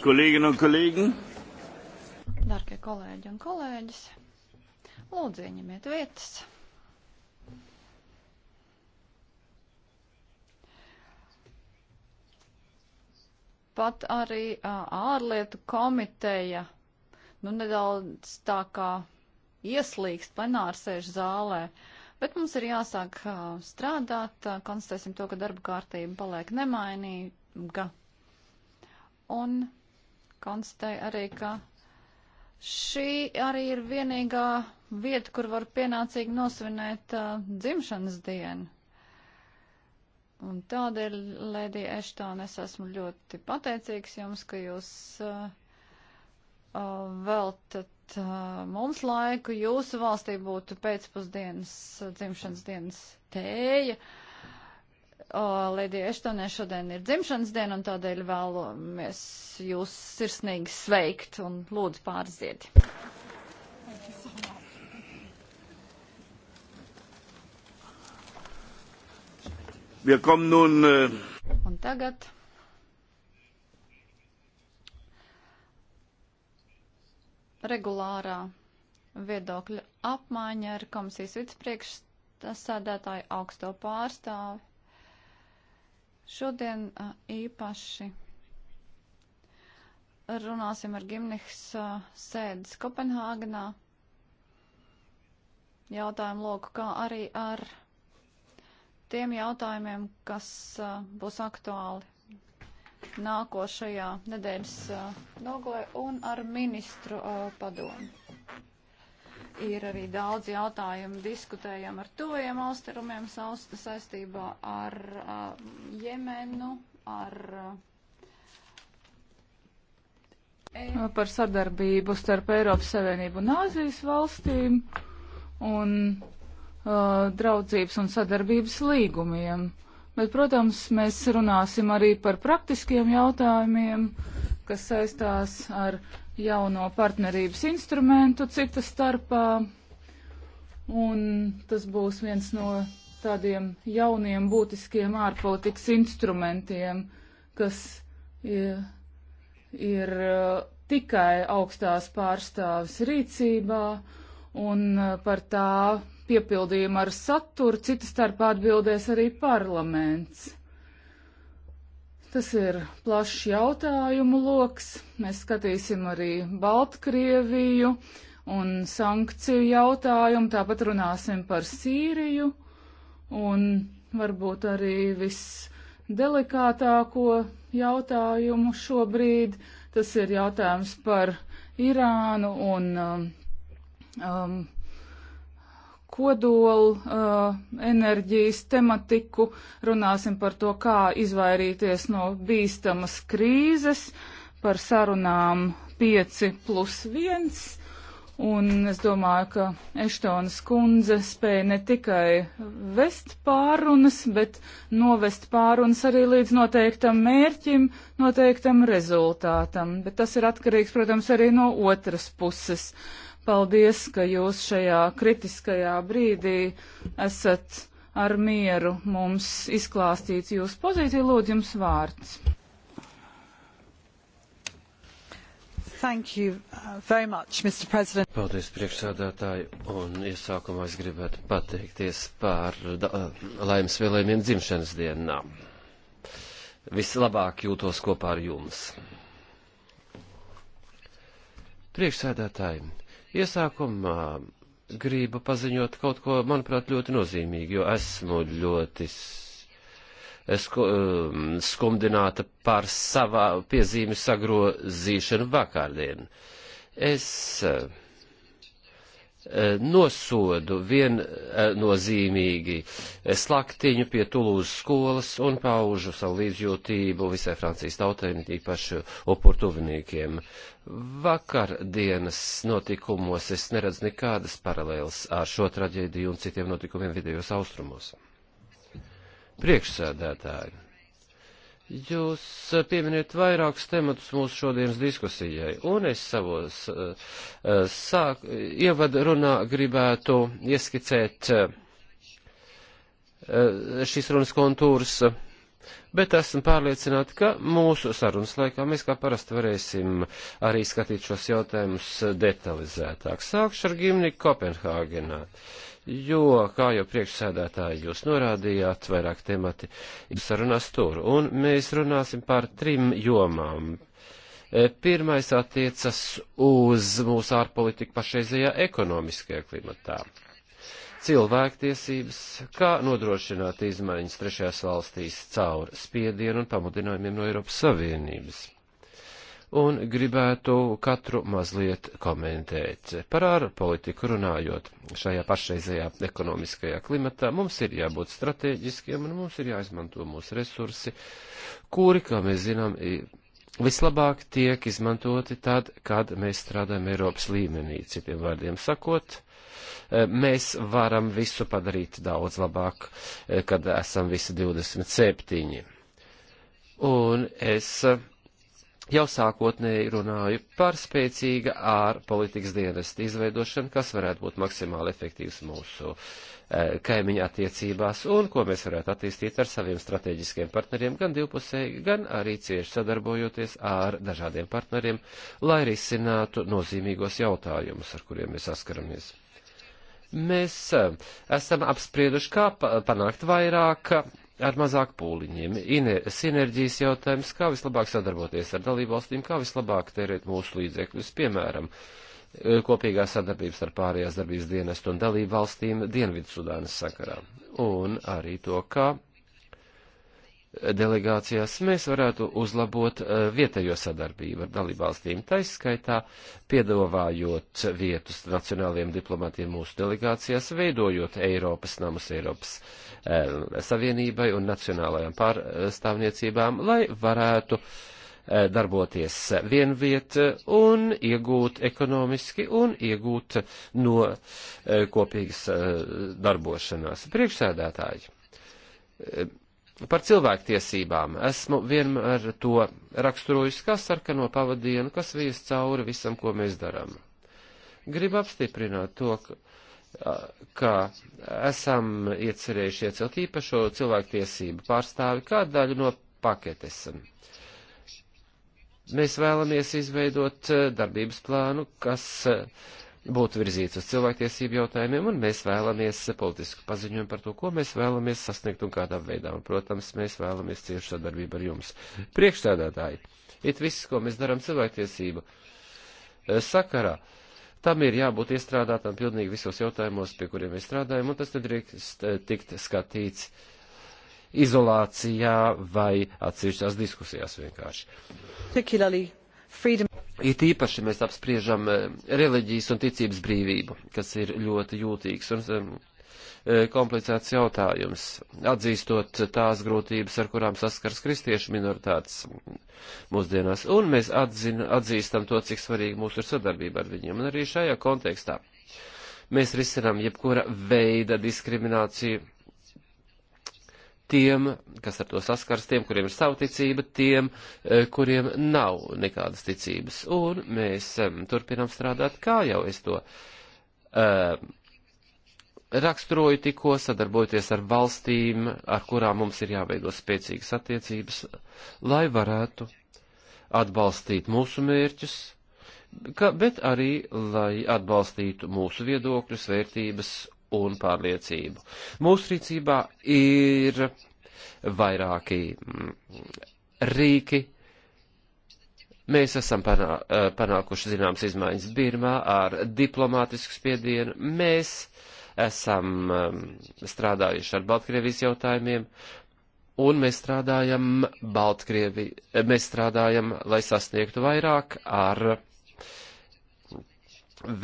Kolēģinu un kolēģi. Dargie kolēģi un kolēģis, lūdzu ieņemiet vietas. Pat arī uh, ārlietu komiteja, nu nedaudz tā kā ieslīgst plenārsēžu zālē. Bet mums ir jāsāk uh, strādāt, uh, konstatēsim to, ka darba kārtība paliek nemainīga. Un konstatēja arī, ka šī arī ir vienīgā vieta, kur var pienācīgi nosvinēt uh, dzimšanas dienu. Un tādēļ, Lēdija Eštāna, es esmu ļoti pateicīgs jums, ka jūs uh, uh, veltat uh, mums laiku. Jūsu valstī būtu pēcpusdienas uh, dzimšanas dienas tēja. Uh, Lēdija Eštonē šodien ir dzimšanas diena, un tādēļ vēlamies jūs sirsnīgi sveikt un lūdzu pārziedi. Nun, uh... Un tagad regulārā viedokļa apmaiņa ar komisijas vicepriekšsēdētāju augsto pārstāvi Šodien īpaši runāsim ar Gimnihs sēdes Kopenhāgenā. Jautājumu loku, kā arī ar tiem jautājumiem, kas būs aktuāli nākošajā nedēļas nogalē un ar ministru padomu. Ir arī daudz jautājumu diskutējam ar tuviem austrumiem sausta saistībā ar uh, Jemenu, ar. Uh, par sadarbību starp Eiropas Savienību un Āzijas valstīm un uh, draudzības un sadarbības līgumiem. Bet, protams, mēs runāsim arī par praktiskiem jautājumiem, kas saistās ar jauno partnerības instrumentu cita starpā, un tas būs viens no tādiem jauniem būtiskiem ārpolitikas instrumentiem, kas ir, ir e, tikai augstās pārstāvis rīcībā, un e, par tā piepildījumu ar saturu cita starpā atbildēs arī parlaments. Tas ir plašs jautājumu loks. Mēs skatīsim arī Baltkrieviju un sankciju jautājumu, tāpat runāsim par Sīriju un varbūt arī visdelikātāko jautājumu šobrīd. Tas ir jautājums par Irānu un um, um kodolu uh, enerģijas tematiku, runāsim par to, kā izvairīties no bīstamas krīzes, par sarunām 5 plus 1. Un es domāju, ka Eštonas kundze spēja ne tikai vest pārunas, bet novest pārunas arī līdz noteiktam mērķim, noteiktam rezultātam. Bet tas ir atkarīgs, protams, arī no otras puses. Uh, Paldies, ka jūs šajā kritiskajā brīdī esat ar mieru mums izklāstīt jūsu pozīciju. Lūdzu, jums vārds. Thank you uh, very much, Mr. President. Paldies, priekšsādātāji, un iesākumā es gribētu pateikties par uh, laimes vēlējumiem dzimšanas dienā. Vislabāk jūtos kopā ar jums. Priekšsēdētāji, Iesākumā gribu paziņot kaut ko, manuprāt, ļoti nozīmīgu, jo esmu ļoti sku, um, skumdināta par savā piezīmi sagrozīšanu vakardien. Es uh, Eh, nosodu viennozīmīgi slaktiņu pie Tulūzas skolas un paužu savu līdzjūtību visai Francijas tautai, īpaši oportuviniekiem. Vakardienas notikumos es neredzu nekādas paralēlas ar šo traģēdiju un citiem notikumiem vidējos austrumos. Priekšsēdētāji Jūs eh, pieminiet vairākus tematus mūsu šodienas diskusijai, un es savos eh, eh, sāk, ievadu runā gribētu ieskicēt šīs runas kontūrus, bet esmu pārliecināti, ka mūsu sarunas laikā mēs kā parasti varēsim arī skatīt šos jautājumus detalizētāk. Sākšu ar gimni Kopenhāgenā. Uh, jo, kā jau priekšsēdētāji jūs norādījāt, vairāk temati ir sarunās tur, un mēs runāsim par trim jomām. E, pirmais attiecas uz mūsu ārpolitiku pašreizajā ekonomiskajā klimatā. Cilvēktiesības, kā nodrošināt izmaiņas trešajās valstīs caur spiedienu un pamudinājumiem no Eiropas Savienības un gribētu katru mazliet komentēt. Par ārpolitiku runājot šajā pašreizējā ekonomiskajā klimatā, mums ir jābūt strateģiskiem un mums ir jāizmanto mūsu resursi, kuri, kā mēs zinām, vislabāk tiek izmantoti tad, kad mēs strādājam Eiropas līmenī. Citiem vārdiem sakot, e, mēs varam visu padarīt daudz labāk, e, kad esam visi 27. Un es e, jau sākotnēji runāju par spēcīga ārpolitikas dienesta izveidošanu, kas varētu būt maksimāli efektīvs mūsu e, kaimiņa attiecībās un ko mēs varētu attīstīt ar saviem strateģiskiem partneriem, gan divpusēji, gan arī cieši sadarbojoties ar dažādiem partneriem, lai risinātu nozīmīgos jautājumus, ar kuriem mēs saskaramies. Mēs e, esam apsprieduši, kā panākt vairāk ar mazāk pūliņiem. Sinerģijas jautājums, kā vislabāk sadarboties ar dalībvalstīm, kā vislabāk tērēt mūsu līdzekļus, piemēram, e, kopīgā sadarbības ar pārējās darbības dienestu un dalībvalstīm Dienvidsudānas sakarā. Un arī to, kā delegācijās mēs varētu uzlabot e, vietējo sadarbību ar dalībvalstīm, taiskaitā piedāvājot vietus nacionāliem diplomatiem mūsu delegācijās, veidojot Eiropas namus Eiropas. Uh, Eh, savienībai un nacionālajām pārstāvniecībām, lai varētu eh, darboties vienviet un iegūt ekonomiski un iegūt no eh, kopīgas darbošanās. Priekšsēdētāji, par cilvēktiesībām esmu vienmēr to raksturojis kā sarkano pavadienu, kas vies cauri visam, ko mēs darām. Gribu apstiprināt to, ka ka esam iecerējuši iecelt īpašo cilvēktiesību pārstāvi kā daļu no paketes. Mēs vēlamies izveidot darbības plānu, kas būtu virzīts uz cilvēktiesību jautājumiem, un mēs vēlamies politisku paziņojumu par to, ko mēs vēlamies sasniegt un kādā veidā. Un, protams, mēs vēlamies ciešu sadarbību ar jums. Priekšstādātāji, it viss, ko mēs darām cilvēktiesību sakarā, uh, tam ir jābūt iestrādātam pilnīgi visos jautājumos, pie kuriem mēs strādājam, un tas nedrīkst eh, tikt skatīts izolācijā vai atsevišķās diskusijās vienkārši. It īpaši mēs apspriežam eh, reliģijas un ticības brīvību, kas ir ļoti jūtīgs un eh, E, komplicēts jautājums, atzīstot tās grūtības, ar kurām saskars kristiešu minoritātes mūsdienās, un mēs atzina, atzīstam to, cik svarīgi mūsu ir sadarbība ar viņiem, un arī šajā kontekstā mēs risinām jebkura veida diskrimināciju tiem, kas ar to saskars, tiem, kuriem ir savu ticība, tiem, e, kuriem nav nekādas ticības. Un mēs turpinām strādāt, kā jau es to uh, raksturoju tikko, sadarbojoties ar valstīm, ar kurām mums ir jāveido spēcīgas attiecības, lai varētu atbalstīt mūsu mērķus, ka, bet arī, lai atbalstītu mūsu viedokļus, vērtības un pārliecību. Mūsu rīcībā ir vairāki mm, rīki, Mēs esam panā, eh, panākuši zināmas izmaiņas Birmā ar diplomātisku spiedienu. Mēs uh, esam um, strādājuši ar Baltkrievijas jautājumiem, un mēs strādājam Baltkrievi, mēs strādājam, lai sasniegtu vairāk ar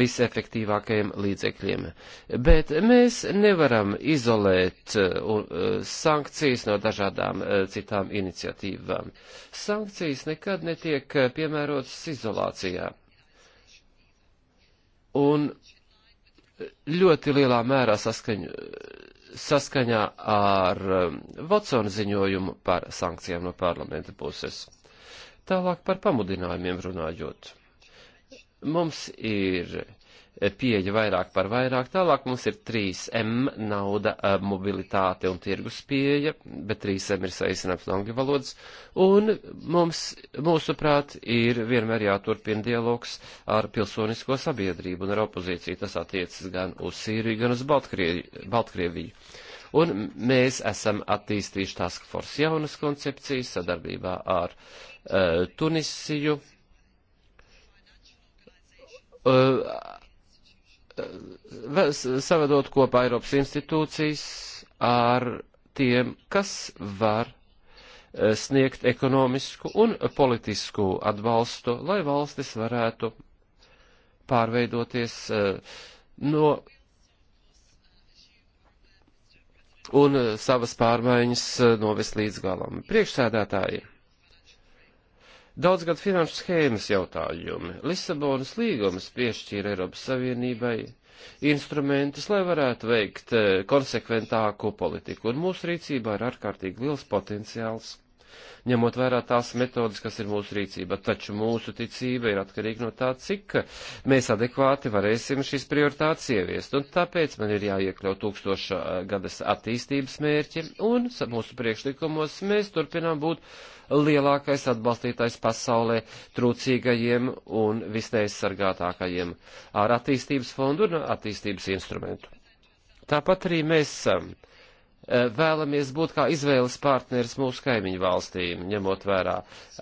visefektīvākajiem līdzekļiem. Bet mēs nevaram izolēt uh, uh, sankcijas no dažādām uh, citām iniciatīvām. Sankcijas nekad netiek piemērotas izolācijā. Un ļoti lielā mērā saskaņu, saskaņā ar um, Votsona ziņojumu par sankcijām no parlamenta puses. Tālāk par pamudinājumiem runājot. Mums ir Eh, pieeja vairāk par vairāk. Tālāk mums ir 3M nauda, eh, mobilitāte un tirgus pieeja, bet 3M ir saīsināts no angļu valodas. Un mums, mūsuprāt, ir vienmēr jāturpina dialogs ar pilsonisko sabiedrību un ar opozīciju. Tas attiecas gan uz Sīriju, gan uz Baltkrievi, Baltkrieviju. Un mēs esam attīstījuši task force jaunas koncepcijas sadarbībā ar uh, Tunisiju. Uh, savedot kopā Eiropas institūcijas ar tiem, kas var e, sniegt ekonomisku un politisku atbalstu, lai valstis varētu pārveidoties e, no un e, savas pārmaiņas novest līdz galam. Priekšsēdētāji! Daudzgad finanšu schēmas jautājumi. Lisabonas līgums piešķīra Eiropas Savienībai instrumentus, lai varētu veikt eh, konsekventāku politiku, un mūsu rīcībā ir ārkārtīgi liels potenciāls ņemot vērā tās metodas, kas ir mūsu rīcība. Taču mūsu ticība ir atkarīga no tā, cik mēs adekvāti varēsim šīs prioritātes ieviest. Un tāpēc man ir jāiekļaut tūkstoša gadas attīstības mērķi, un mūsu priekšlikumos mēs turpinām būt lielākais atbalstītājs pasaulē trūcīgajiem un visneizsargātākajiem ar attīstības fondu un attīstības instrumentu. Tāpat arī mēs Eh, vēlamies būt kā izvēles partneris mūsu kaimiņu valstīm, ņemot vērā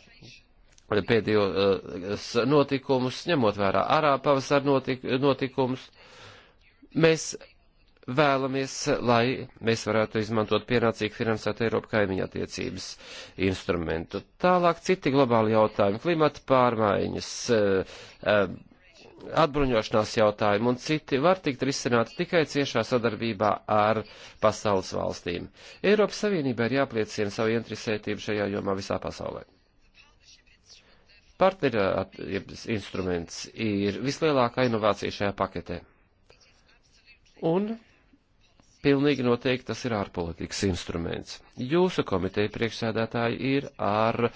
eh, pēdējo eh, notikumus, ņemot vērā arā pavasar notik notikumus. Mēs vēlamies, lai mēs varētu izmantot pienācīgi finansēt Eiropu kaimiņu attiecības instrumentu. Tālāk citi globāli jautājumi - klimata pārmaiņas, atbruņošanās jautājumi un citi var tikt risināti tikai ciešā sadarbībā ar pasaules valstīm. Eiropas Savienībai ir jāpliecina savu interesētību šajā jomā visā pasaulē. Partnerības instruments ir vislielākā inovācija šajā paketē. Un pilnīgi noteikti tas ir ārpolitikas instruments. Jūsu komiteja priekšsēdētāji ir ar e,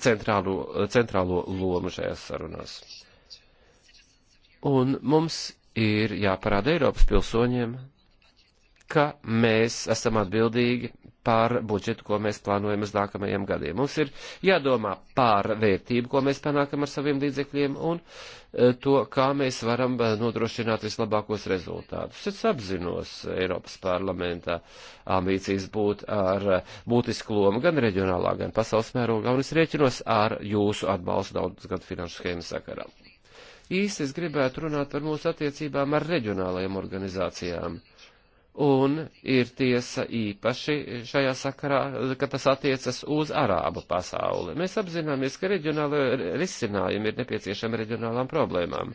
centrālo, centrālo lomu šajās sarunās. Un mums ir jāparāda Eiropas pilsoņiem, ka mēs esam atbildīgi par budžetu, ko mēs plānojam uz nākamajiem gadiem. Mums ir jādomā par vērtību, ko mēs panākam ar saviem līdzekļiem un e, to, kā mēs varam e, nodrošināt vislabākos rezultātus. Es apzinos Eiropas parlamentā ambīcijas būt ar e, būtisku lomu gan reģionālā, gan pasaules mērogā, un es rēķinos ar jūsu atbalstu daudz gadu finanšu schēmu sakarā. Īsti es gribētu runāt par mūsu attiecībām ar reģionālajām organizācijām. Un ir tiesa īpaši šajā sakarā, ka tas attiecas uz arābu pasauli. Mēs apzināmies, ka reģionāla risinājumi ir nepieciešami reģionālām problēmām.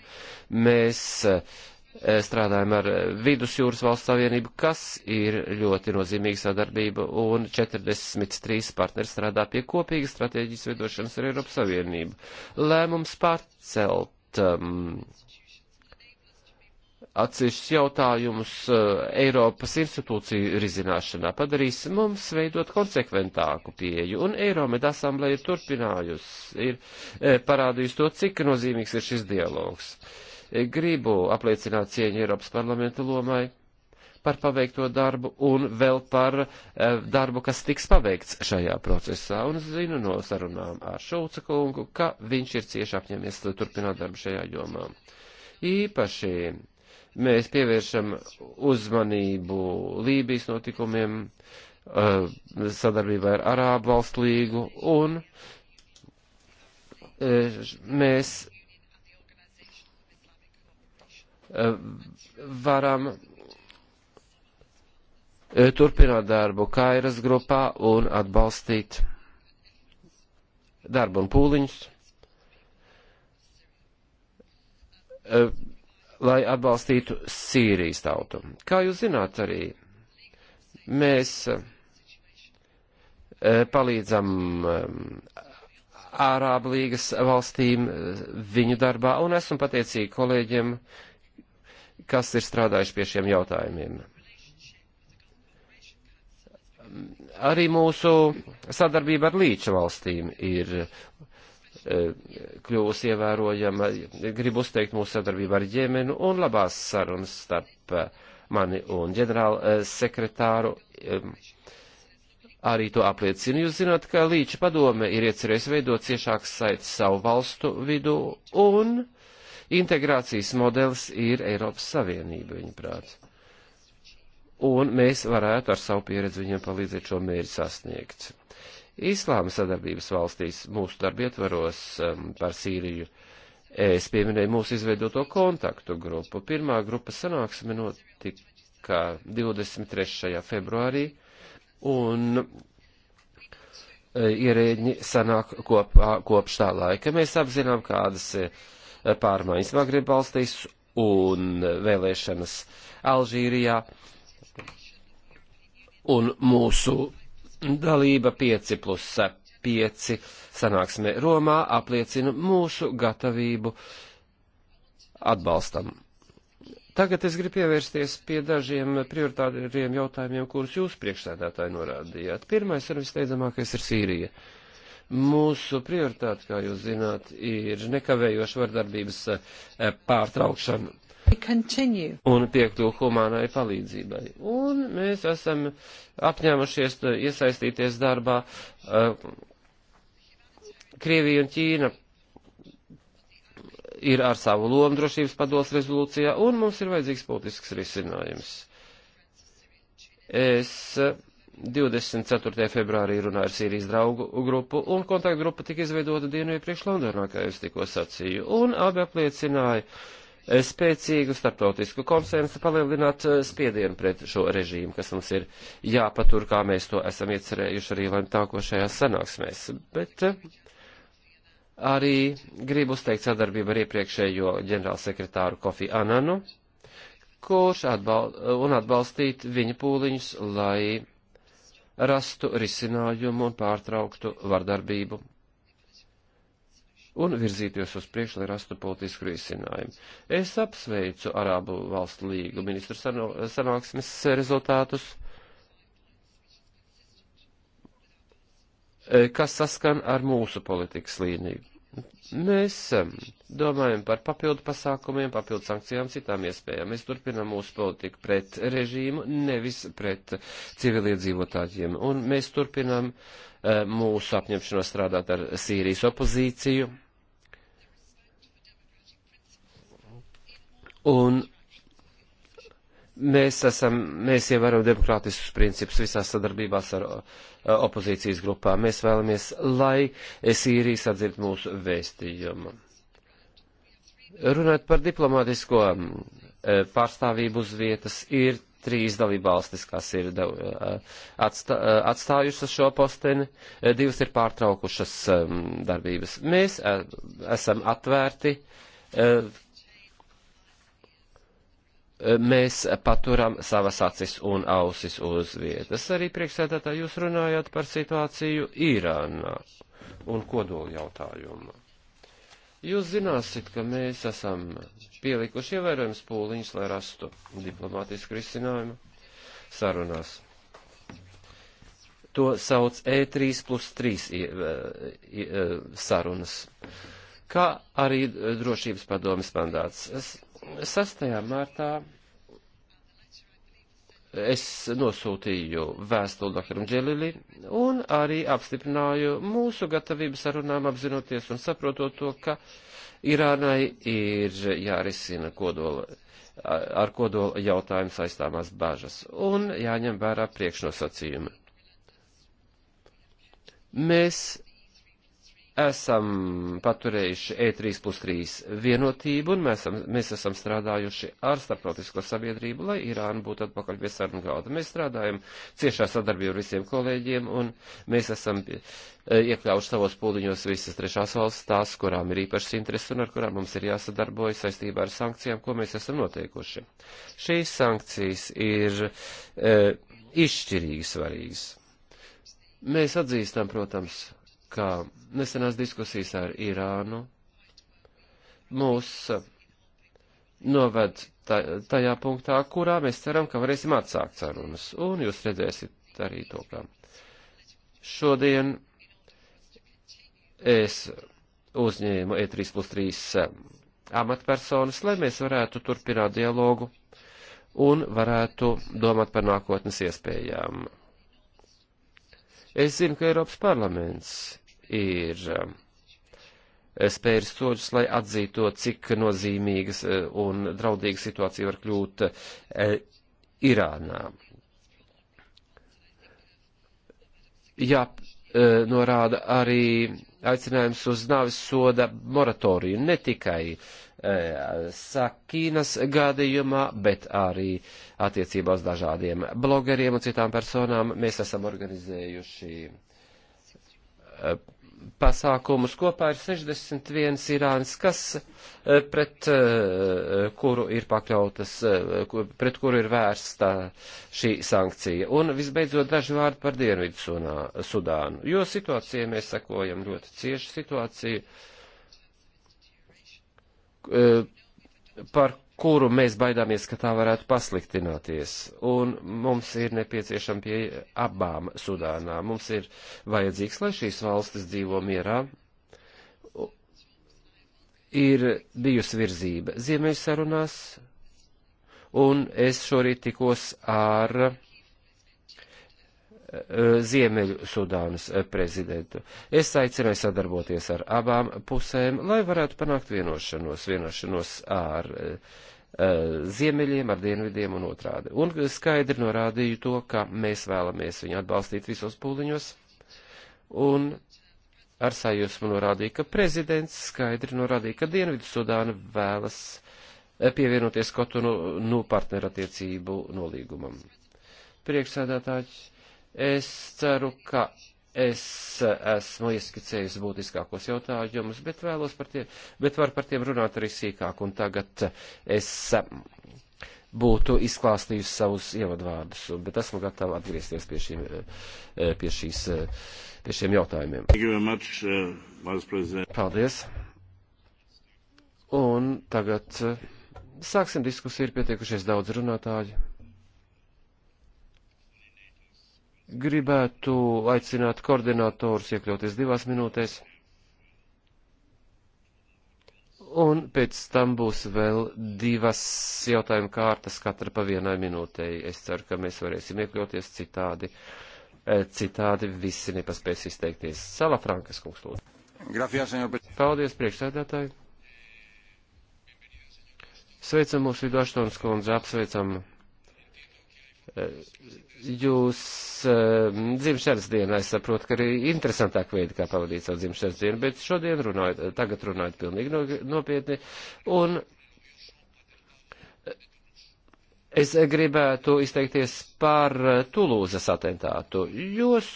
Mēs e, strādājam ar Vidusjūras valsts savienību, kas ir ļoti nozīmīga sadarbība, un 43 partneri strādā pie kopīgas stratēģijas veidošanas ar Eiropas Savienību. Lēmums pārcelt risināt um, atsevišķus jautājumus uh, Eiropas institūciju rizināšanā, padarīs mums veidot konsekventāku pieju, un Eiromeda asamblēja ir turpinājusi, ir e, parādījusi to, cik nozīmīgs ir šis dialogs. E, gribu apliecināt cieņu Eiropas parlamenta lomai par paveikto darbu un vēl par e, darbu, kas tiks paveikts šajā procesā. Un es zinu no sarunām ar Šulca kungu, ka viņš ir cieši apņēmies turpināt darbu šajā jomā. Īpaši mēs pievēršam uzmanību Lībijas notikumiem, e, sadarbībā ar Arābu valstu līgu un e, mēs varam E, turpināt darbu Kairas grupā un atbalstīt darbu un pūliņus, e, lai atbalstītu Sīrijas tautu. Kā jūs zināt arī, mēs e, palīdzam Ārābu līgas valstīm viņu darbā un esmu pateicīgi kolēģiem, kas ir strādājuši pie šiem jautājumiem arī mūsu sadarbība ar līča valstīm ir e, kļūst ievērojama. Gribu uzteikt mūsu sadarbību ar ģimeni un labās sarunas starp e, mani un ģenerāla e, sekretāru. Arī to apliecina. Jūs zināt, ka Līča padome ir iecerējis veidot ciešākas saites savu valstu vidū un integrācijas modelis ir Eiropas Savienība, viņuprāt un mēs varētu ar savu pieredzi viņiem palīdzēt šo mērķi sasniegt. Islāma sadarbības valstīs mūsu darbi ietvaros um, par Sīriju. Es pieminēju mūsu izveidoto kontaktu grupu. Pirmā grupa sanāksme notika 23. februārī, un uh, ierēģi sanāk kopā, kopš tā laika. Mēs apzinām, kādas uh, pārmaiņas Magrib valstīs un uh, vēlēšanas Alžīrijā. Uh, un mūsu dalība 5 plus 5 sanāksmē Romā apliecina mūsu gatavību atbalstam. Tagad es gribu pievērsties pie dažiem prioritāriem jautājumiem, kurus jūs priekšsēdētāji norādījāt. Pirmais un visteidzamākais ir Sīrija. Mūsu prioritāte, kā jūs zināt, ir nekavējoša vardarbības eh, pārtraukšana un piekļuvu humānai palīdzībai. Un mēs esam apņēmušies uh, iesaistīties darbā uh, Krievija un Ķīna ir ar savu lomu drošības padols rezolūcijā, un mums ir vajadzīgs politisks risinājums. Es 24. Uh, februārī runāju ar Sīrijas draugu grupu, un kontaktgrupa tika izveidota dienu iepriekš Londonā, kā jau es tikko sacīju, un abi apliecināja, uh, spēcīgu starptautisku konsensu, palielināt eh, spiedienu pret šo režīmu, kas mums ir jāpatur, kā mēs to esam iecerējuši arī lemtākošajās sanāksmēs. Bet eh, arī gribu uzteikt sadarbību ar iepriekšējo ģenerālsekretāru Kofi Ananu, kurš atbal un atbalstīt viņa pūliņus, lai rastu risinājumu un pārtrauktu vardarbību un virzīties uz priekšu, lai rastu politisku risinājumu. Es apsveicu Arābu valstu līgu ministru sanāksmes rezultātus, e, kas saskan ar mūsu politikas līniju. Mēs e, domājam par papildu pasākumiem, papildu sankcijām, citām iespējām. Mēs turpinām mūsu politiku pret režīmu, nevis pret civiliedzīvotājiem. Un mēs turpinām e, mūsu apņemšanos strādāt ar Sīrijas opozīciju, Un mēs esam, mēs ievēram demokrātiskus principus visās sadarbībās ar opozīcijas grupām. Mēs vēlamies, lai Sīrija sadzird mūsu vēstījumu. Runājot par diplomātisko e, pārstāvību uz vietas, ir trīs dalībvalstis, kas ir atstā, atstājušas šo posteni, e, divas ir pārtraukušas darbības. Mēs e, esam atvērti mēs paturam savas acis un ausis uz vietas. Arī priekšsēdētā jūs runājāt par situāciju Irānā un kodolu jautājumu. Jūs zināsit, ka mēs esam pielikuši ievērojams pūliņus, lai rastu diplomātisku risinājumu sarunās. To sauc E3 plus 3 e, sarunas, kā arī drošības padomas mandāts. 6. martā es nosūtīju vēstuli Dakaram Dželili un arī apstiprināju mūsu gatavību sarunām apzinoties un saprotot to, ka Irānai ir jārisina kodola, ar kodola jautājumu saistāmās bažas un jāņem vērā priekšnosacījumi. Mēs esam paturējuši E3 plus 3 vienotību un mēs esam, mēs esam strādājuši ar starptautisko sabiedrību, lai Irāna būtu atpakaļ pie sarunu galda. Mēs strādājam ciešā sadarbībā ar visiem kolēģiem un mēs esam e, iekļaujuši savos pūliņos visas trešās valsts, tās, kurām ir īpašas intereses un ar kurām mums ir jāsadarbojas saistībā ar sankcijām, ko mēs esam noteikuši. Šīs sankcijas ir e, izšķirīgi svarīgas. Mēs atzīstam, protams, ka nesenās diskusijas ar Irānu mūs uh, noved tajā punktā, kurā mēs ceram, ka varēsim atsākt sarunas. Un jūs redzēsiet arī to, ka šodien es uzņēmu E3 plus 3 uh, amatpersonas, lai mēs varētu turpināt dialogu un varētu domāt par nākotnes iespējām. Es zinu, ka Eiropas parlaments ir um, spēris soļus, lai atzītu to, cik nozīmīgas uh, un draudīga situācija var kļūt uh, Irānā. Jā, uh, norāda arī aicinājums uz nāvis soda moratoriju, ne tikai Sakīnas gadījumā, bet arī attiecībā uz dažādiem blogeriem un citām personām. Mēs esam organizējuši pasākumus. Kopā ir 61 Irānas, kas eh, pret eh, kuru ir pakļautas, eh, pret kuru ir vērsta šī sankcija. Un visbeidzot daži vārdi par Dienvidu Sudānu, jo situācija mēs sakojam ļoti cieši situāciju, par kuru mēs baidāmies, ka tā varētu pasliktināties. Un mums ir nepieciešama pie abām Sudānā. Mums ir vajadzīgs, lai šīs valstis dzīvo mierā. Ir bijusi virzība ziemeļsarunās, un es šorīt tikos ar Eh, Ziemeļu Sudānas eh, prezidentu. Es aicināju sadarboties ar abām pusēm, lai varētu panākt vienošanos, vienošanos ar eh, ziemeļiem, ar dienvidiem un otrādi. Un skaidri norādīju to, ka mēs vēlamies viņu atbalstīt visos pūliņos. Un ar sajūsmu norādīja, ka prezidents skaidri norādīja, ka Dienvidu Sudāna vēlas pievienoties Kotonu nu partnerattiecību nolīgumam. Priekšsēdētāji Es ceru, ka es esmu ieskicējusi būtiskākos jautājumus, bet vēlos par tiem, bet var par tiem runāt arī sīkāk, un tagad es būtu izklāstījusi savus ievadvārdus, bet esmu gatava atgriezties pie, šīm, pie, šīs, pie šiem jautājumiem. Much, uh, Paldies. Un tagad uh, sāksim diskusiju, ir pietiekušies daudz runātāju. Gribētu aicināt koordinatorus iekļauties divās minūtēs. Un pēc tam būs vēl divas jautājuma kārtas, katra pa vienai minūtei. Es ceru, ka mēs varēsim iekļauties citādi. E, citādi visi nepaspēs izteikties. Sala Frankas kungs lūdzu. Grafijā, Paldies, priekšsēdētāji. Sveicam mūsu vidu Aštons kundze, apsveicam Jūs eh, dzimšanas dienā, es saprotu, ka arī interesantāk veidi, kā pavadīt savu dzimšanas dienu, bet šodien runājot, tagad runājot pilnīgi nopietni. Un es gribētu izteikties par Tulūzas atentātu. Jūs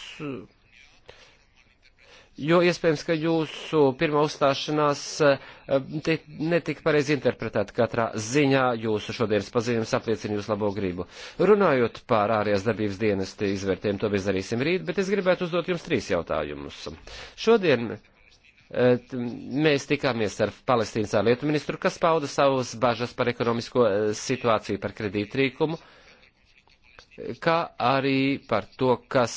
jo iespējams, ka jūsu pirmā uzstāšanās eh, netika pareizi interpretēta katrā ziņā, jūsu šodienas paziņojums apliecina jūsu labo gribu. Runājot par ārējās darbības dienesti izvērtējumu, to mēs darīsim rīt, bet es gribētu uzdot jums trīs jautājumus. Šodien eh, mēs tikāmies ar Palestīnas ārlietu ministru, kas pauda savus bažas par ekonomisko eh, situāciju, par kredītrīkumu. trīkumu kā arī par to, kas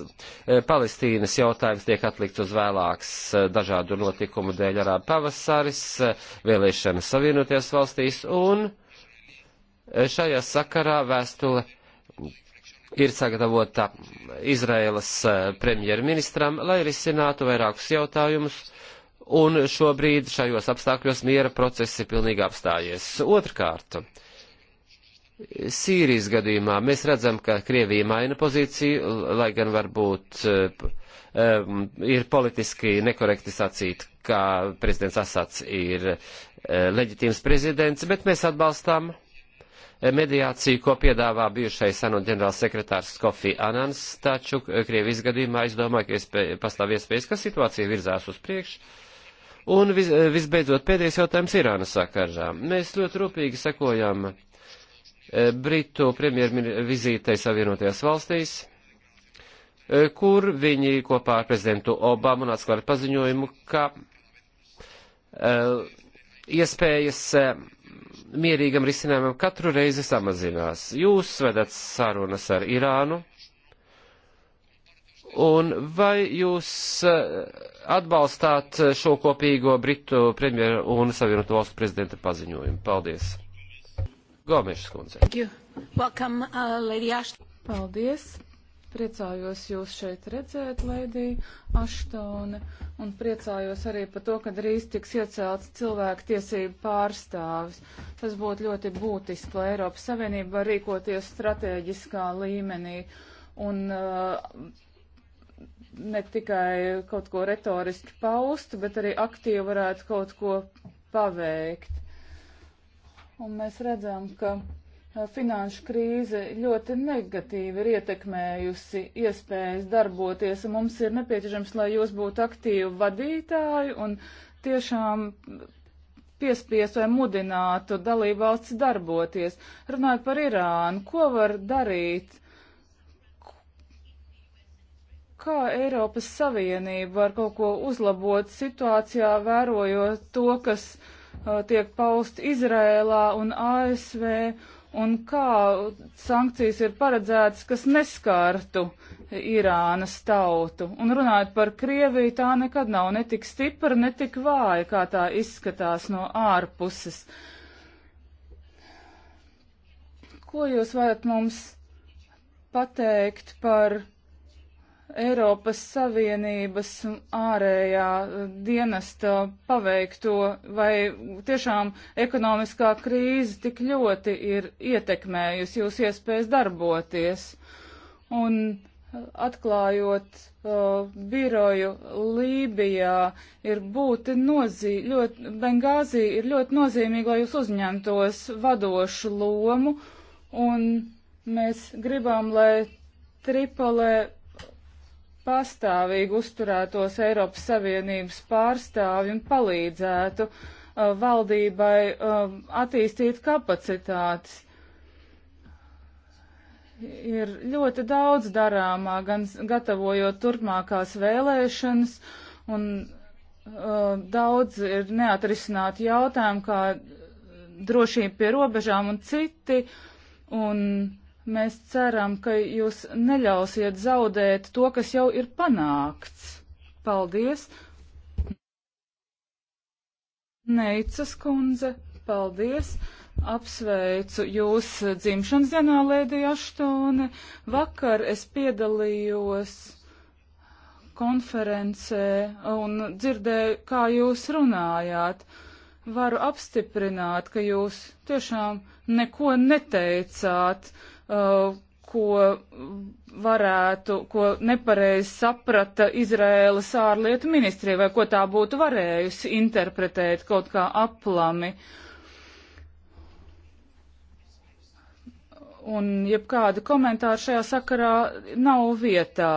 eh, Palestīnas jautājums tiek atlikt uz vēlāks eh, dažādu notikumu dēļ arābu pavasaris, eh, vēlēšanas savienoties valstīs un šajā sakarā vēstule ir sagatavota Izraēlas premjerministram, lai risinātu vairākus jautājumus, un šobrīd šajos apstākļos miera process ir pilnīgi apstājies. Otrkārt, Sīrijas gadījumā mēs redzam, ka Krievija maina pozīciju, lai gan varbūt eh, um, ir politiski nekorekti sacīt, ka prezidents Asats ir uh, leģitīms prezidents, bet mēs atbalstām eh, mediāciju, ko piedāvā bijušais ANO ģenerālsekretārs Kofi Anans, taču Krievijas gadījumā es domāju, ka iespēja, pastāv iespējas, ka situācija virzās uz priekšu. Un vis, visbeidzot, pēdējais jautājums Irānas sakarā. Mēs ļoti rūpīgi sekojam uh, Britu premjerministra vizītei Savienotajās valstīs, e, kur viņi kopā ar prezidentu Obamu atklāja paziņojumu, ka e, iespējas e, mierīgam risinājumam katru reizi samazinās. Jūs vedat sarunas ar Irānu, un vai jūs atbalstāt šo kopīgo Britu premjeru un Savienotu valstu prezidenta paziņojumu? Paldies! Gomešas kundze. Welcome, uh, Lady Ashton. Paldies! Priecājos jūs šeit redzēt, Lēdī Aštone, un priecājos arī par to, ka drīz tiks iecelts cilvēku tiesību pārstāvis. Tas būtu ļoti būtiski, lai Eiropas Savienība var rīkoties strateģiskā līmenī un uh, ne tikai kaut ko retoriski paust, bet arī aktīvi varētu kaut ko paveikt un mēs redzam, ka finanšu krīze ļoti negatīvi ir ietekmējusi iespējas darboties, un mums ir nepieciešams, lai jūs būtu aktīvi vadītāji un tiešām piespiestu vai mudinātu dalībvalsts darboties. Runājot par Irānu, ko var darīt? Kā Eiropas Savienība var kaut ko uzlabot situācijā, vērojot to, kas Uh, tiek pausti Izrēlā un ASV, un kā sankcijas ir paredzētas, kas neskārtu Irānas tautu. Un runājot par Krieviju, tā nekad nav ne tik stipra, ne tik vāja, kā tā izskatās no ārpuses. Ko jūs varat mums pateikt par Eiropas Savienības ārējā dienesta paveikto, vai tiešām ekonomiskā krīze tik ļoti ir ietekmējusi jūs iespējas darboties. Un atklājot uh, biroju Lībijā, ir būti nozī, ļoti, Bengāzī ir ļoti nozīmīgi, lai jūs uzņemtos vadošu lomu, un mēs gribam, lai Tripolē pastāvīgi uzturētos Eiropas Savienības pārstāvi un palīdzētu uh, valdībai uh, attīstīt kapacitātes. Ir ļoti daudz darāmā, gan gatavojot turpmākās vēlēšanas, un uh, daudz ir neatrisināti jautājumi, kā drošība pie robežām un citi. Un, uh, Mēs ceram, ka jūs neļausiet zaudēt to, kas jau ir panākts. Paldies! Neicas kundze, paldies! Apsveicu jūs dzimšanas dienā, Lēdija Aštone. Vakar es piedalījos konferencē un dzirdēju, kā jūs runājāt. Varu apstiprināt, ka jūs tiešām neko neteicāt Uh, ko varētu, ko nepareiz saprata Izraēlas ārlietu ministrija, vai ko tā būtu varējusi interpretēt kaut kā aplami. Un jebkādi komentāri šajā sakarā nav vietā.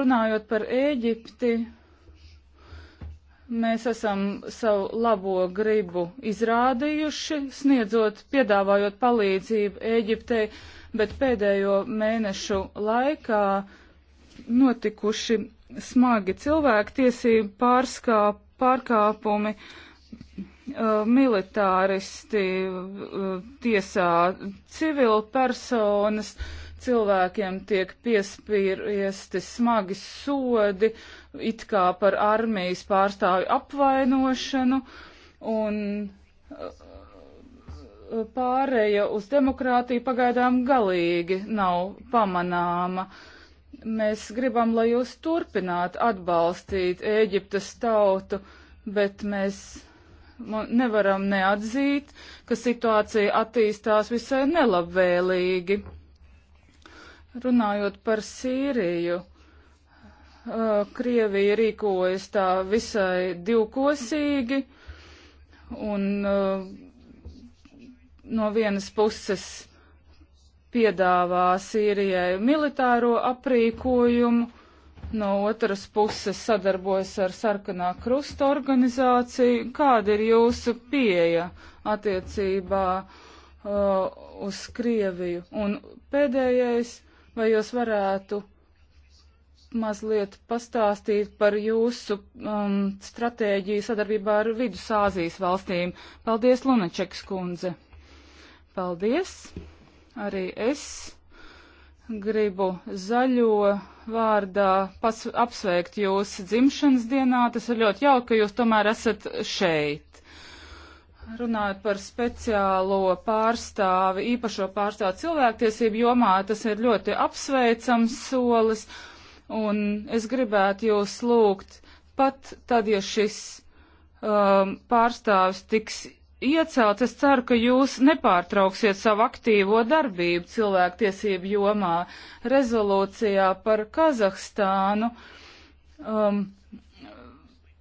Runājot par Ēģipti, mēs esam savu labo gribu izrādījuši, sniedzot, piedāvājot palīdzību Ēģiptei bet pēdējo mēnešu laikā notikuši smagi cilvēktiesību pārskāp, pārkāpumi. Uh, militāristi uh, tiesā civila personas, cilvēkiem tiek piespiesti smagi sodi, it kā par armijas pārstāvju apvainošanu, un uh, pārēja uz demokrātiju pagaidām galīgi nav pamanāma. Mēs gribam, lai jūs turpināt atbalstīt Ēģiptes tautu, bet mēs nevaram neatzīt, ka situācija attīstās visai nelabvēlīgi. Runājot par Sīriju, Krievija rīkojas tā visai divkosīgi un no vienas puses piedāvā Sīrijai militāro aprīkojumu, no otras puses sadarbojas ar Sarkanā krusta organizāciju. Kāda ir jūsu pieeja attiecībā uh, uz Krieviju? Un pēdējais, vai jūs varētu mazliet pastāstīt par jūsu um, stratēģiju sadarbībā ar Vidusāzijas valstīm? Paldies, Lunačeks kundze! Paldies! Arī es gribu zaļo vārdā pas, apsveikt jūs dzimšanas dienā. Tas ir ļoti jauki, ka jūs tomēr esat šeit. Runājot par speciālo pārstāvi, īpašo pārstāvi cilvēktiesību jomā, tas ir ļoti apsveicams solis. Un es gribētu jūs lūgt, pat tad, ja šis um, pārstāvis tiks iecelts, es ceru, ka jūs nepārtrauksiet savu aktīvo darbību cilvēktiesību jomā rezolūcijā par Kazahstānu. Um,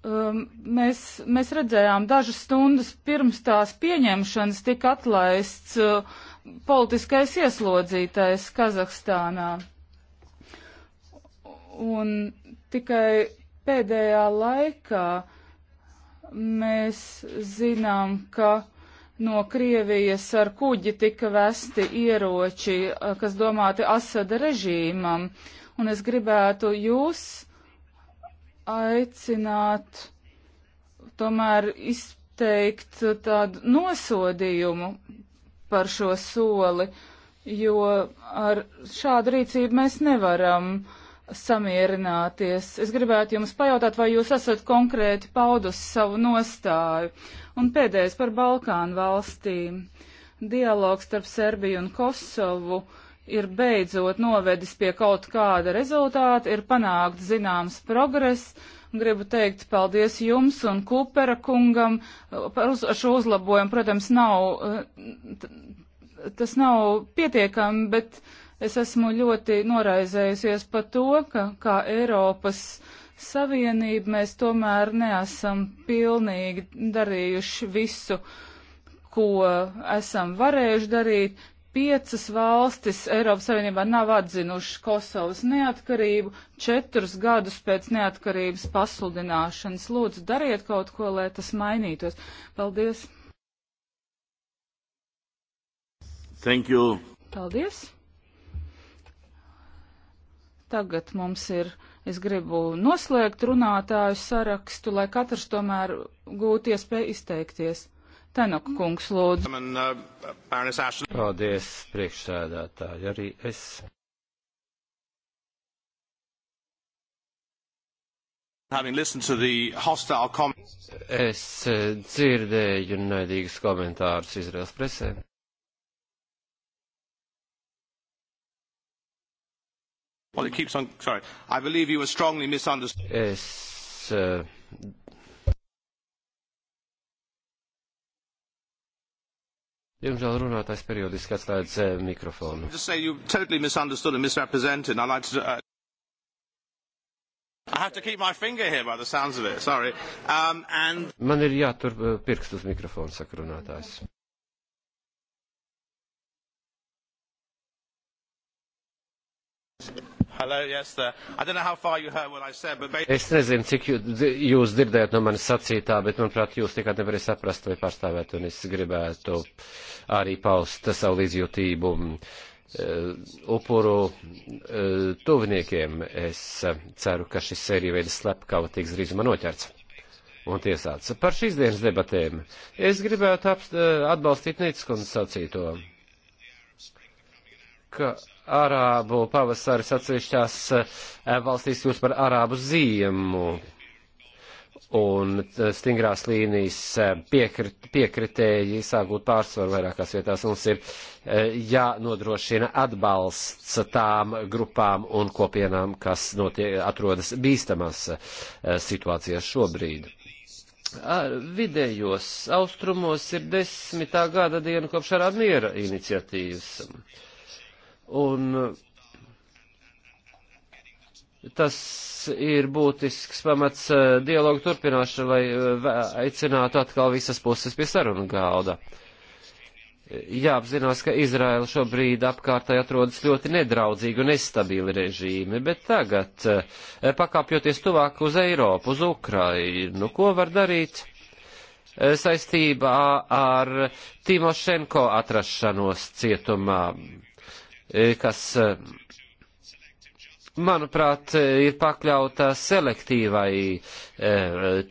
um, mēs, mēs redzējām dažas stundas pirms tās pieņemšanas tika atlaists uh, politiskais ieslodzītais Kazahstānā. Un tikai pēdējā laikā uh, Mēs zinām, ka no Krievijas ar kuģi tika vesti ieroči, kas domāti Asada režīmam. Un es gribētu jūs aicināt tomēr izteikt tādu nosodījumu par šo soli, jo ar šādu rīcību mēs nevaram uh, samierināties. Es gribētu jums pajautāt, vai jūs esat konkrēti paudusi savu nostāju. Un pēdējais par Balkānu valstīm. Dialogs starp Serbiju un Kosovu ir beidzot novedis pie kaut kāda rezultāta, ir panākt zināms progress. Gribu teikt paldies jums un Kupera kungam par uz, šo uzlabojumu. Protams, nav, eh, tas nav pietiekami, bet Es esmu ļoti noraizējusies par to, ka kā Eiropas Savienība mēs tomēr neesam pilnīgi darījuši visu, ko esam varējuši darīt. Piecas valstis Eiropas Savienībā nav atzinušas Kosovas neatkarību, četrus gadus pēc neatkarības pasludināšanas. Lūdzu, dariet kaut ko, lai tas mainītos. Paldies! Thank you! Paldies! Tagad mums ir, es gribu noslēgt runātāju sarakstu, lai katrs tomēr gūtu iespēju izteikties. Tenok kungs, lūdzu. Uh, Paldies, priekšsēdētāji, arī es. Es eh, dzirdēju naidīgas komentārus Izraels presē. Well, it keeps on. Sorry. I believe you were strongly misunderstood. Es, uh, Diemžēl runātājs periodiski atslēdz uh, mikrofonu. Totally like to, uh, I have to keep my finger here by the sounds of it, sorry. Um, and... Man ir jātur eh, pirkst uz mikrofonu, saka runātājs. Hello, yes, said, but... Es nezinu, cik jūs dzirdējat no manis sacītā, bet, manuprāt, jūs nekad nevarat saprast vai pārstāvēt, un es gribētu arī paust savu līdzjūtību mm, eh, upuru eh, tuviniekiem. Es eh, ceru, ka šis sērija veids slepkava tiks drīzumā noķerts un tiesāts. Par šīs dienas debatēm es gribētu atbalstīt Nīcas kundzes sacīto ka arābu pavasaris atsevišķās e, valstīs kļūst par arābu ziemu. Un e, stingrās līnijas e, piekrit, piekritēji sākot pārsvaru vairākās vietās. Mums ir jānodrošina atbalsts tām grupām un kopienām, kas notiek, atrodas bīstamās situācijās šobrīd. Ar vidējos austrumos ir desmitā gada diena kopš arā miera iniciatīvas Un uh, tas ir būtisks pamats uh, dialogu turpināšanu, lai uh, aicinātu atkal visas puses pie sarunu galda. Jāapzinās, ka Izraela šobrīd apkārtēji atrodas ļoti nedraudzīgi un nestabili režīmi, bet tagad, pakāpjoties tuvāk uz Eiropu, uz Ukrainu, ko var darīt? saistībā ar Timošenko atrašanos cietumā. E, kas, e, manuprāt, e, ir pakļauta selektīvai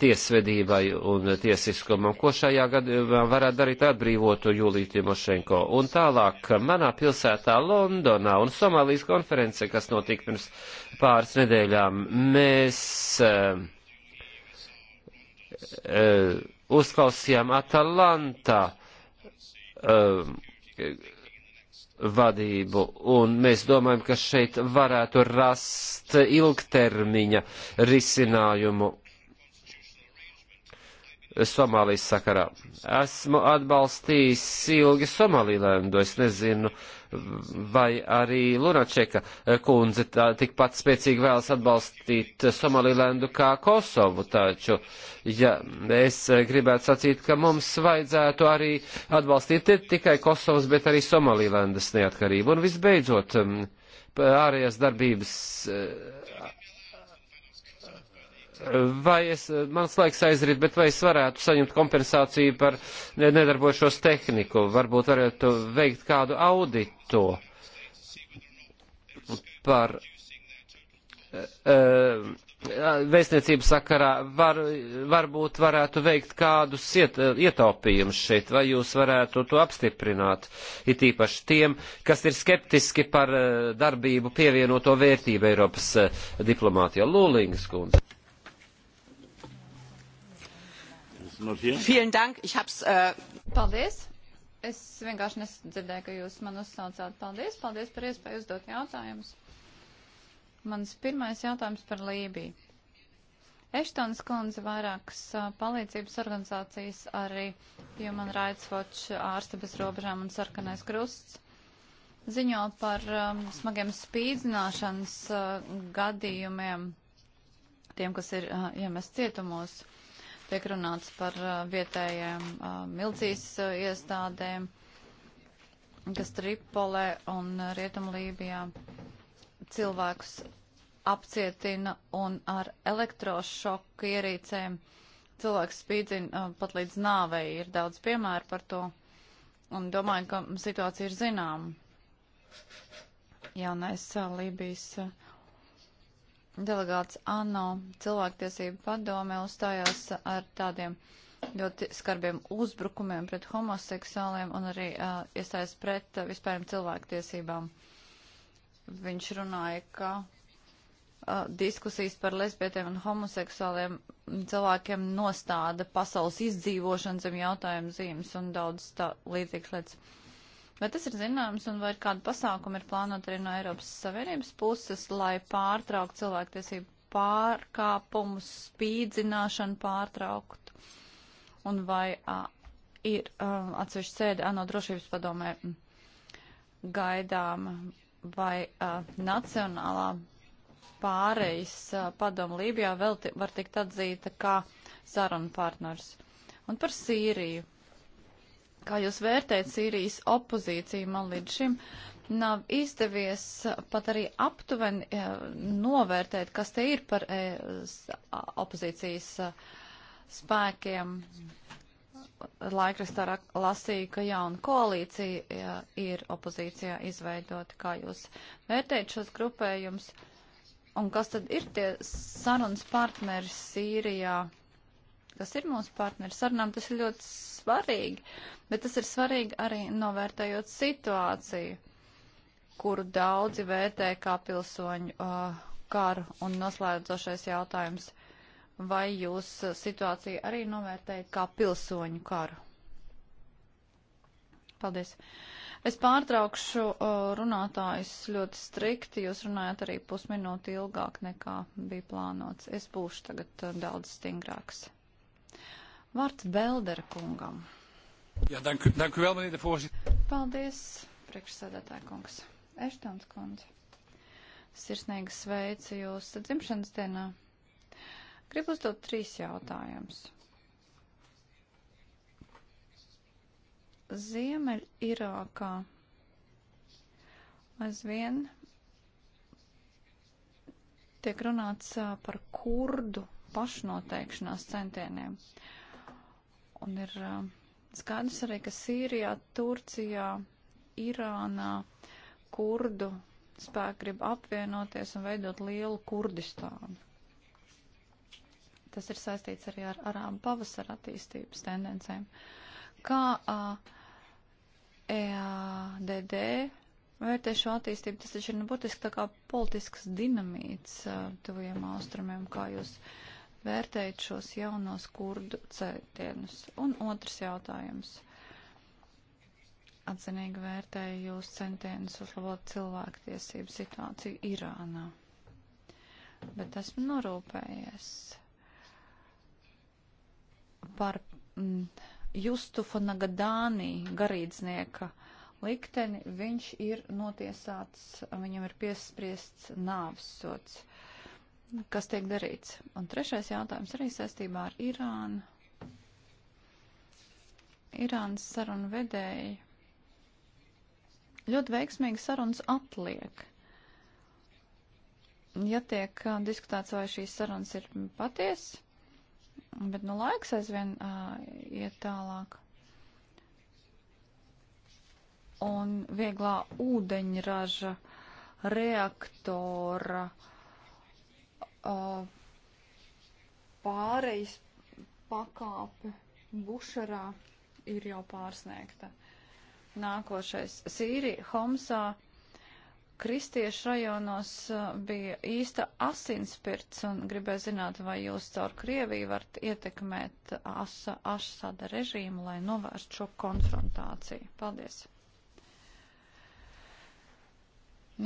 tiesvedībai un tiesiskumam, ko šajā gadījumā varētu darīt atbrīvotu Juliju Timošenko. Un tālāk manā pilsētā Londonā un Somālijas konference, kas notika pirms pāris nedēļām, mēs uzklausījām Atalantā um, vadību, un mēs domājam, ka šeit varētu rast ilgtermiņa risinājumu Somālijas sakarā. Esmu atbalstījis ilgi Somalilendu, es nezinu, vai arī Lunačeka kundze tā, tikpat spēcīgi vēlas atbalstīt Somalilendu kā Kosovu, taču, ja es gribētu sacīt, ka mums vajadzētu arī atbalstīt ne tikai Kosovas, bet arī Somalilendas neatkarību. Un visbeidzot, ārējās darbības vai es, mans laiks aizrit, bet vai es varētu saņemt kompensāciju par nedarbojušos tehniku? Varbūt varētu veikt kādu auditu par uh, vēstniecības sakarā. Var, varbūt varētu veikt kādus iet, eh, ietaupījumus šeit, vai jūs varētu to apstiprināt, it īpaši tiem, kas ir skeptiski par darbību pievienoto vērtību Eiropas diplomātijā. Lūlīngas kundze. Vielen Dank, ich hab's. Uh... Paldies. Es vienkārši nesadzirdēju, ka jūs man uzsaucāt. Paldies, paldies par iespēju uzdot jautājumus. Mans pirmais jautājums par Lībiju. Eštons kundze vairākas palīdzības organizācijas arī Human Rights Watch ārsta bez robežām un sarkanais krusts ziņo par um, smagiem spīdzināšanas uh, gadījumiem tiem, kas ir uh, iemest cietumos. Uh, tiek runāts par vietējiem milcīs iestādēm, kas Tripolē un Rietumlībijā cilvēkus apcietina un ar elektrošoku ierīcēm cilvēks spīdzina pat līdz nāvei. Ir daudz piemēru par to un domāju, ka situācija ir zināma. Jaunais Lībijas delegāts ANO cilvēktiesību padomē uzstājās ar tādiem ļoti skarbiem uzbrukumiem pret homoseksuāliem un arī uh, iestājas pret uh, vispāriem cilvēktiesībām. Viņš runāja, ka uh, diskusijas par lesbietiem un homoseksuāliem cilvēkiem nostāda pasaules izdzīvošanas jautājumu zīmes un daudz tā līdzīgas lietas. Uh, Vai tas ir zināms un vai kāda pasākuma ir plānot arī no Eiropas Savienības puses, lai pārtraukt cilvēktiesību pārkāpumus, spīdzināšanu pārtraukt? Un vai a, ir atsevišķa sēde ANO drošības padomē gaidāma vai a, nacionālā pārejas padoma Lībijā vēl var tikt atzīta kā sarunu partners? Un par Sīriju Kā jūs vērtējat Sīrijas opozīciju, man līdz šim nav izdevies pat arī aptuveni eh, novērtēt, kas te ir par eh, opozīcijas spēkiem. Laikrastā lasīju, ka jauna koalīcija ir opozīcijā izveidota. Kā jūs vērtējat šos grupējumus? Un kas tad ir tie sarunas partneri Sīrijā? kas ir mūsu partneri sarunām, tas ir ļoti svarīgi, bet tas ir svarīgi arī novērtējot situāciju, kuru daudzi vērtē kā pilsoņu uh, karu un noslēdzošais jautājums. Vai jūs uh, situāciju arī novērtējat kā pilsoņu karu? Paldies. Es pārtraukšu uh, runātājus ļoti strikti. Jūs runājat arī pusminūti ilgāk nekā bija plānots. Es būšu tagad uh, daudz stingrāks. Vārds Beldera kungam. Jā, danku, danku vēl, manīte, Paldies, priekšsēdētāja kungs. Eštons kundze. Sirsnīgi sveicu jūs dzimšanas dienā. Gribu uzdot trīs jautājumus. Ziemeļirākā aizvien tiek runāts par kurdu pašnoteikšanās centieniem. Uh, Un ir skaidrs arī, ka Sīrijā, Turcijā, Irānā kurdu spēki grib apvienoties un veidot lielu Kurdistānu. Tas ir saistīts arī ar arābu pavasara attīstības tendencēm. Kā uh, EADD vērtē šo attīstību, tas taču ir nu, būtiski tā kā politisks dinamīts uh, tuviem austrumiem, kā jūs uh, vērtējat šos jaunos kurdu centienus? Un otrs jautājums. Atzinīgi vērtēju jūs centienus uzlabot cilvēktiesību situāciju Irānā. Bet esmu norūpējies par mm, Justufa Nagadānī garīdznieka likteni. Viņš ir notiesāts, viņam ir piespriests nāvis sots. Uh, kas tiek darīts. Un trešais jautājums arī saistībā ar Irānu. Irānas sarunu vedēji ļoti veiksmīgi sarunas atliek. Ja tiek uh, diskutēts, vai šīs sarunas ir patiesas, bet nu laiks aizvien uh, iet tālāk. Un vieglā ūdeņraža reaktora uh, Uh, pārejas pakāpe Bušarā ir jau pārsniegta. Nākošais Sīrija, Homsā, kristiešu rajonos uh, bija īsta asinspirts un gribēju zināt, vai jūs caur Krieviju varat ietekmēt Asa, Asada režīmu, lai novērst šo konfrontāciju. Paldies.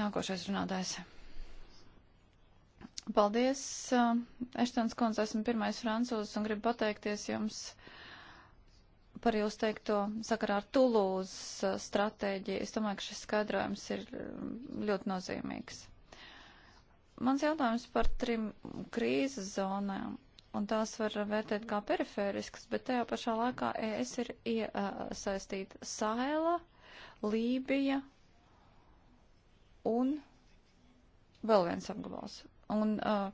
Nākošais runātājs. Paldies, eh, Eštons kundze, esmu pirmais francūzis un gribu pateikties jums par jūs teikto sakarā ar Tulūzas eh, stratēģiju. Es domāju, ka šis skaidrojums ir eh, ļoti nozīmīgs. Mans jautājums par trim krīzes zonām, un tās var vērtēt kā perifēriskas, bet tajā pašā laikā ES ir iesaistīta Sahela, Lībija un vēl viens apgabals. Un uh,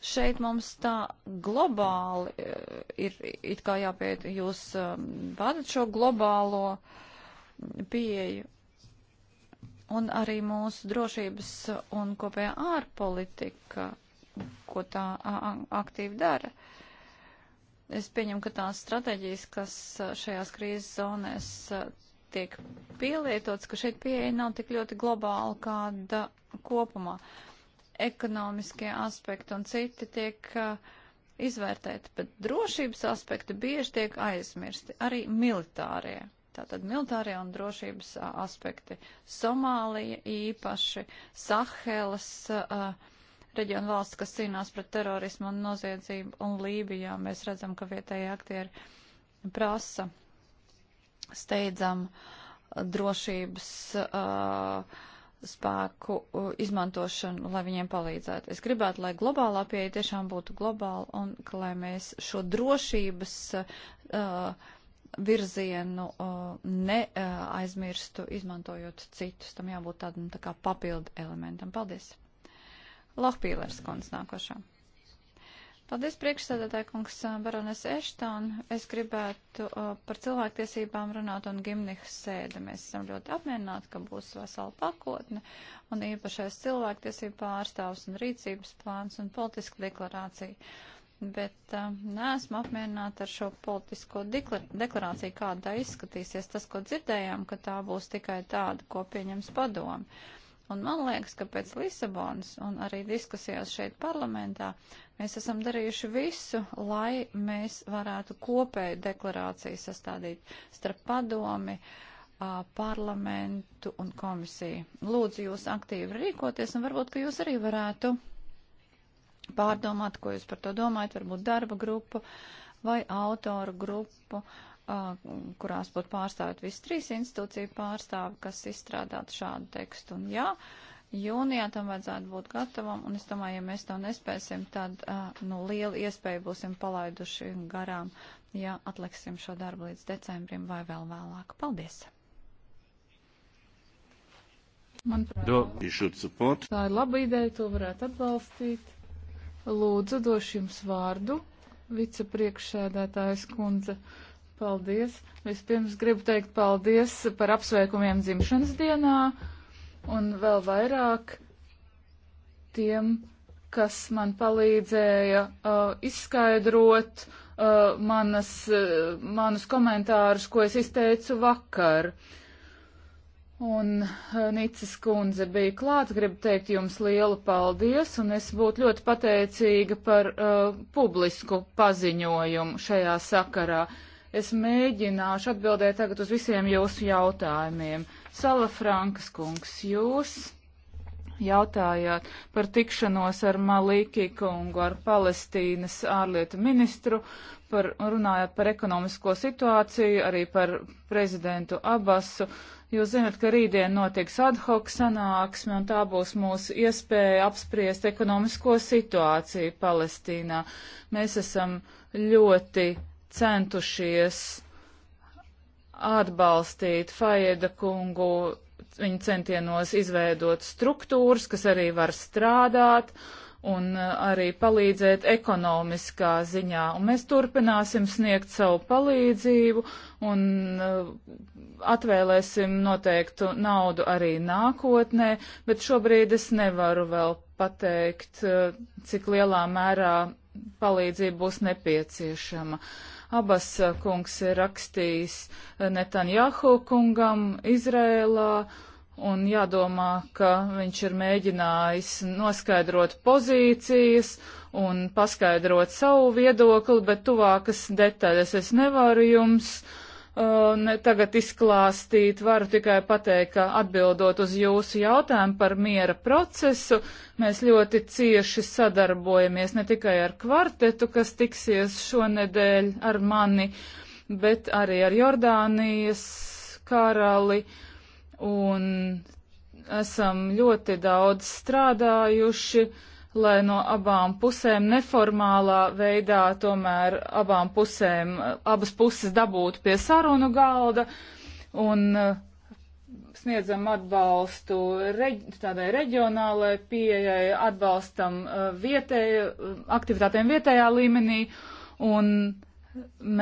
šeit mums tā globāli uh, ir it kā jāpiet, jūs uh, vadat šo globālo pieeju. Un arī mūsu drošības un kopējā ārpolitika, ko tā uh, aktīvi dara. Es pieņemu, ka tās stratēģijas, kas šajās krīzes zonēs tiek pielietots, ka šeit pieeja nav tik ļoti globāla kāda kopumā. Ekonomiskie aspekti un citi tiek uh, izvērtēti, bet drošības aspekti bieži tiek aizmirsti, arī militārie. Tātad militārie un drošības uh, aspekti. Somālija īpaši, Sahelas. Uh, reģionu valsts, kas cīnās pret terorismu un noziedzību, un Lībijā mēs redzam, ka vietējie aktieri prasa steidzam drošības uh, spēku uh, izmantošanu, lai viņiem palīdzētu. Es gribētu, lai globālā pieeja tiešām būtu globāla un ka, lai mēs šo drošības uh, virzienu uh, neaizmirstu, uh, izmantojot citus. Tam jābūt tādam tā kā papildu elementam. Paldies! Lohpīlers kundz nākošā. Paldies, priekšsēdētāji kungs Baronas Ešton. Es gribētu uh, par cilvēktiesībām runāt un gimnihu sēdi. Mēs esam ļoti apmierināti, ka būs vesela pakotne un īpašais cilvēktiesību pārstāvs un rīcības plāns un politiska deklarācija. Bet uh, neesmu apmierināta ar šo politisko deklarāciju, kāda tā izskatīsies. Tas, ko dzirdējām, ka tā būs tikai tāda, ko pieņems padomu Un man liekas, ka pēc Lisabonas un arī diskusijās šeit parlamentā mēs esam darījuši visu, lai mēs varētu kopēju deklarāciju sastādīt starp padomi, parlamentu un komisiju. Lūdzu jūs aktīvi rīkoties un varbūt, ka jūs arī varētu pārdomāt, ko jūs par to domājat, varbūt darba grupu vai autoru grupu. Uh, kurās būtu pārstāvot visi trīs institūciju pārstāvi, kas izstrādātu šādu tekstu. Un jā, jūnijā tam vajadzētu būt gatavam, un es domāju, ja mēs to nespēsim, tad nu, lielu iespēju būsim palaiduši garām, ja atliksim šo darbu līdz decembrim vai vēl vēlāk. Paldies! Manuprāt, tā ir laba ideja, to varētu atbalstīt. Lūdzu, došu jums vārdu, vicepriekšsēdētājas kundze. Uh, Paldies! Vispirms gribu teikt paldies par apsveikumiem dzimšanas dienā un vēl vairāk tiem, kas man palīdzēja uh, izskaidrot uh, manas, uh, manus komentārus, ko es izteicu vakar. Un uh, Nicis kundze bija klāt, gribu teikt jums lielu paldies, un es būtu ļoti pateicīga par uh, publisku paziņojumu šajā sakarā. Uh, Es mēģināšu atbildēt tagad uz visiem jūsu jautājumiem. Sala Frankas kungs, jūs jautājāt par tikšanos ar Malīki kungu, ar Palestīnas ārlietu ministru, par, runājāt par ekonomisko situāciju, arī par prezidentu Abasu. Jūs zināt, ka rītdien notiks ad hoc sanāksme, un tā būs mūsu iespēja apspriest ekonomisko situāciju Palestīnā. Mēs esam ļoti centušies atbalstīt Faieda kungu viņa centienos izveidot struktūras, kas arī var strādāt un uh, arī palīdzēt ekonomiskā ziņā. Un mēs turpināsim sniegt savu palīdzību un uh, atvēlēsim noteiktu naudu arī nākotnē, bet šobrīd es nevaru vēl pateikt, uh, cik lielā mērā palīdzība būs nepieciešama. Uh, Abas kungs ir rakstījis Netanjahu kungam Izrēlā, un jādomā, ka viņš ir mēģinājis noskaidrot pozīcijas un paskaidrot savu viedokli, bet tuvākas detaļas es nevaru jums uh, Un tagad izklāstīt varu tikai pateikt, ka atbildot uz jūsu jautājumu par miera procesu, mēs ļoti cieši sadarbojamies ne tikai ar kvartetu, kas tiksies šonedēļ ar mani, bet arī ar Jordānijas karali. Un esam ļoti daudz strādājuši. Uh, lai no abām pusēm neformālā veidā tomēr abām pusēm, abas puses dabūtu pie sarunu galda un eh, sniedzam atbalstu reģ, tādai reģionālai pieejai, atbalstam eh, vietēju, eh, aktivitātēm vietējā līmenī un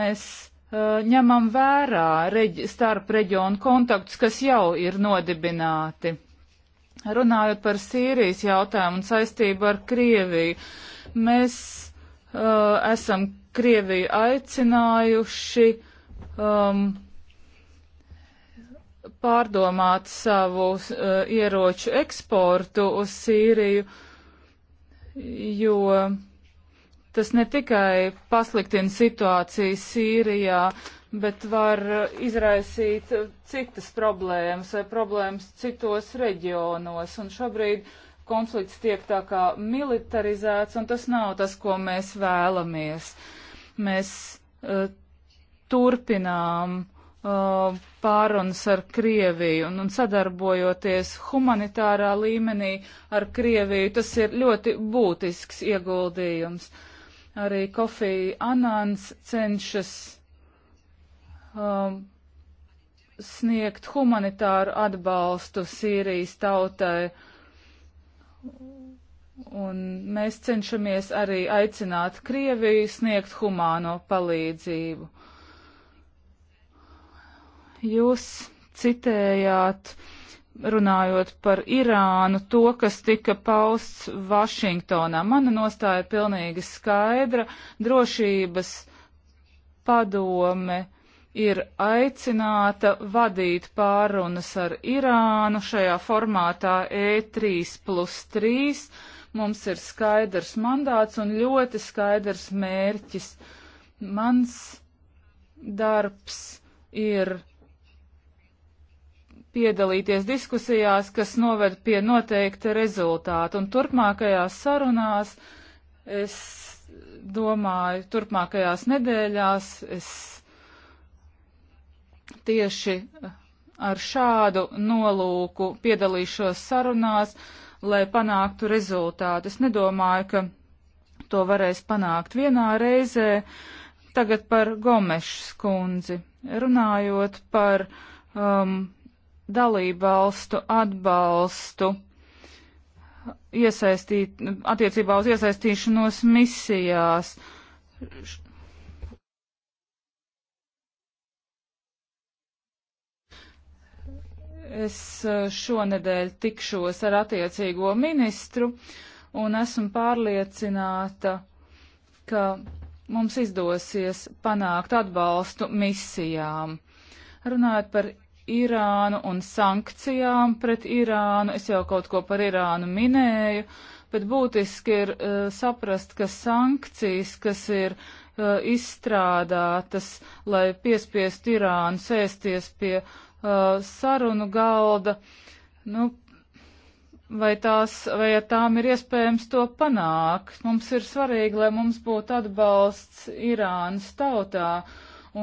mēs ņemam vērā reģi, starp reģionu kontaktus, kas jau ir nodibināti. Runājot par Sīrijas jautājumu un saistību ar Krieviju, mēs uh, esam Krieviju aicinājuši um, pārdomāt savu uh, ieroču eksportu uz Sīriju, jo tas ne tikai pasliktina situāciju Sīrijā, uh, bet var eh, izraisīt eh, citas problēmas vai problēmas citos reģionos. Un šobrīd konflikts tiek tā kā militarizēts, un tas nav tas, ko mēs vēlamies. Mēs uh, turpinām uh, pārunas ar Krieviju un, un sadarbojoties humanitārā līmenī ar Krieviju. Tas ir ļoti būtisks ieguldījums. Arī Kofija Anans cenšas um, sniegt humanitāru atbalstu Sīrijas tautai. Un mēs cenšamies arī aicināt Krieviju sniegt humāno palīdzību. Jūs citējāt, runājot par Irānu, to, kas tika pausts Vašingtonā. Mana nostāja ir pilnīgi skaidra. Drošības padome ir aicināta vadīt pārunas ar Irānu šajā formātā E3 plus 3. Mums ir skaidrs mandāts un ļoti skaidrs mērķis. Mans darbs ir piedalīties diskusijās, kas noved pie noteikta rezultāta. Un turpmākajās sarunās es domāju, turpmākajās nedēļās es tieši eh, ar šādu nolūku piedalīšos sarunās, lai panāktu rezultātu. Es nedomāju, ka to varēs panākt vienā reizē. Tagad par Gomešas kundzi. Runājot par um, dalībvalstu atbalstu iesaistīt, attiecībā uz iesaistīšanos misijās. Š Es eh, šonedēļ tikšos ar attiecīgo ministru un esmu pārliecināta, ka mums izdosies panākt atbalstu misijām. Runājot par Irānu un sankcijām pret Irānu, es jau kaut ko par Irānu minēju, bet būtiski ir uh, saprast, ka sankcijas, kas ir uh, izstrādātas, lai piespiestu Irānu sēsties pie uh, sarunu galda, nu, vai, tās, vai ar tām ir iespējams to panākt. Mums ir svarīgi, lai mums būtu atbalsts Irānas tautā,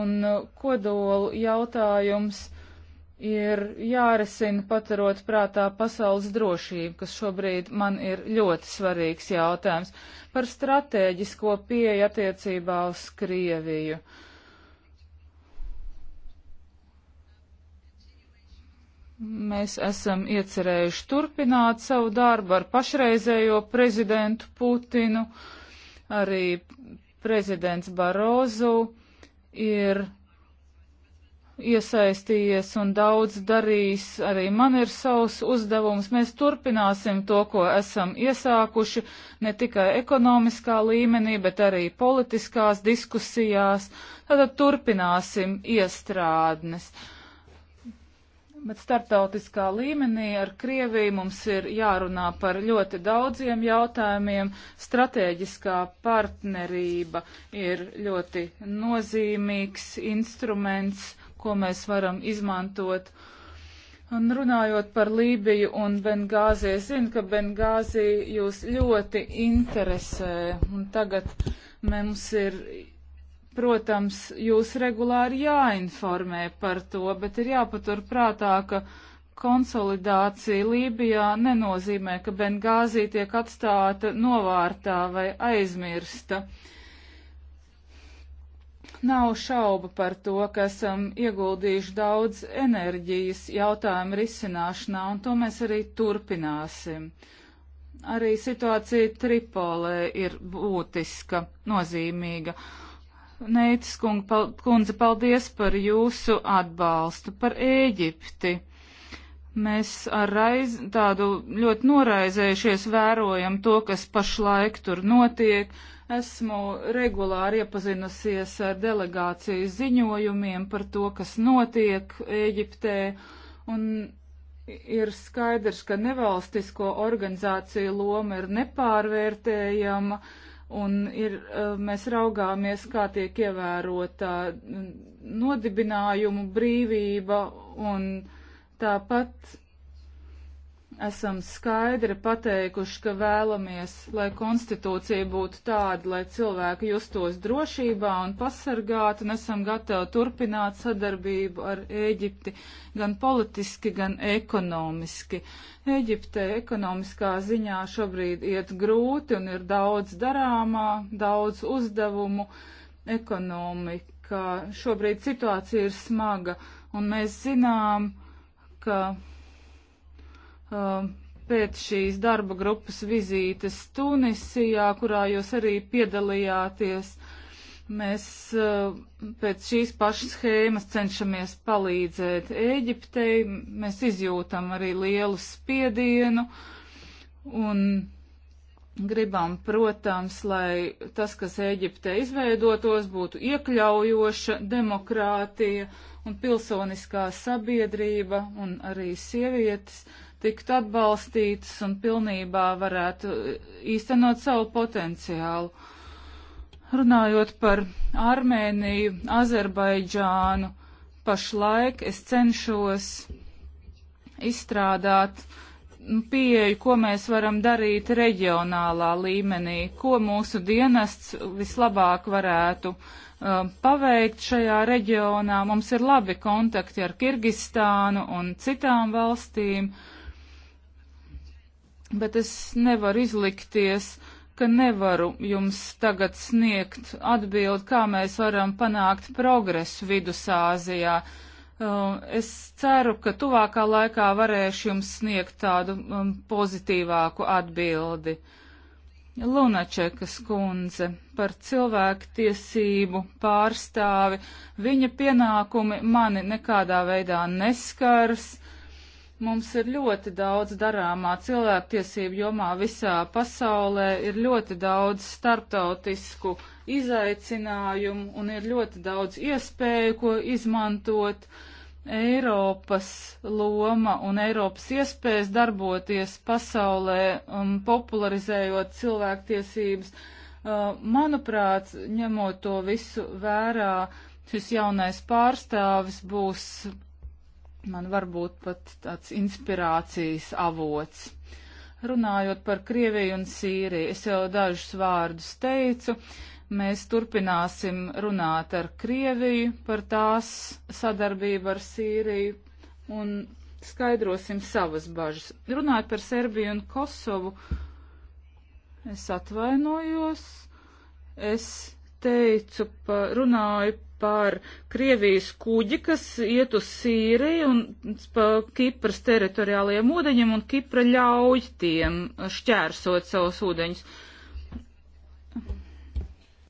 un uh, kodolu jautājums ir jārisina paturot prātā pasaules drošību, kas šobrīd man ir ļoti svarīgs jautājums par stratēģisko pieeja attiecībā uz Krieviju. Uh, Mēs esam iecerējuši turpināt savu darbu ar pašreizējo prezidentu Putinu. Arī prezidents Barozu ir iesaistījies un daudz darīs. Arī man ir savs uzdevums. Mēs turpināsim to, ko esam iesākuši ne tikai ekonomiskā līmenī, bet arī politiskās diskusijās. Tātad turpināsim iestrādnes. Uh, Bet startautiskā līmenī ar Krieviju mums ir jārunā par ļoti daudziem jautājumiem. Stratēģiskā partnerība ir ļoti nozīmīgs instruments, ko mēs varam izmantot. Un runājot par Lībiju un Bengāzi, es zinu, ka Bengāzi jūs ļoti interesē. Un tagad mums ir Protams, jūs regulāri jāinformē par to, bet ir jāpatur prātā, ka konsolidācija Lībijā nenozīmē, ka Bengāzī tiek atstāta novārtā vai aizmirsta. Nav šauba par to, ka esam ieguldījuši daudz enerģijas jautājumu risināšanā, un to mēs arī turpināsim. Arī situācija Tripolē ir būtiska, nozīmīga Neitis kundze, paldies par jūsu atbalstu par Ēģipti. Mēs ar raiz, tādu ļoti noraizējušies vērojam to, kas pašlaik tur notiek. Esmu regulāri iepazinusies ar delegācijas ziņojumiem par to, kas notiek Eģiptē. Un ir skaidrs, ka nevalstisko organizāciju loma ir nepārvērtējama. Uh, un ir, eh, mēs raugāmies, kā tiek ievērota nodibinājumu brīvība un tāpat esam skaidri pateikuši, ka vēlamies, lai konstitūcija būtu tāda, lai cilvēki justos drošībā un pasargāti, un esam gatavi turpināt sadarbību ar Ēģipti gan politiski, gan ekonomiski. Ēģiptē ekonomiskā ziņā šobrīd iet grūti un ir daudz darāmā, daudz uzdevumu ekonomika. Šobrīd situācija ir smaga, un mēs zinām, ka Um, pēc šīs darba grupas vizītes Tunisijā, kurā jūs arī piedalījāties. Mēs uh, pēc šīs pašas schēmas cenšamies palīdzēt Ēģiptei, mēs izjūtam arī lielu spiedienu un gribam, protams, lai tas, kas Ēģiptē izveidotos, būtu iekļaujoša demokrātija un pilsoniskā sabiedrība un arī sievietes. Uh, tiktu atbalstītas un pilnībā varētu īstenot savu potenciālu. Runājot par Armēniju, Azerbaidžānu, pašlaik es cenšos izstrādāt nu, pieeju, ko mēs varam darīt reģionālā līmenī, ko mūsu dienests vislabāk varētu uh, paveikt šajā reģionā. Mums ir labi kontakti ar Kirgistānu un citām valstīm. Uh, bet es nevaru izlikties, ka nevaru jums tagad sniegt atbildi, kā mēs varam panākt progresu Vidusāzijā. Um, es ceru, ka tuvākā laikā varēšu jums sniegt tādu um, pozitīvāku atbildi. Lunačekas kundze par cilvēku tiesību pārstāvi, viņa pienākumi mani nekādā veidā neskars Mums ir ļoti daudz darāmā cilvēktiesību jomā visā pasaulē, ir ļoti daudz starptautisku izaicinājumu un ir ļoti daudz iespēju, ko izmantot. Eiropas loma un Eiropas iespējas darboties pasaulē un um, popularizējot cilvēktiesības. Uh, manuprāt, ņemot to visu vērā, šis jaunais pārstāvis būs man varbūt pat tāds inspirācijas avots. Runājot par Krieviju un Sīriju, es jau dažus vārdus teicu. Mēs turpināsim runāt ar Krieviju par tās sadarbību ar Sīriju un skaidrosim savas bažas. Runājot par Serbiju un Kosovu, es atvainojos. Es teicu, pa, runāju par Krievijas kuģi, kas iet uz Sīriju un pa Kipras teritoriālajiem ūdeņiem, un Kipra ļauj tiem šķērsot savus ūdeņus.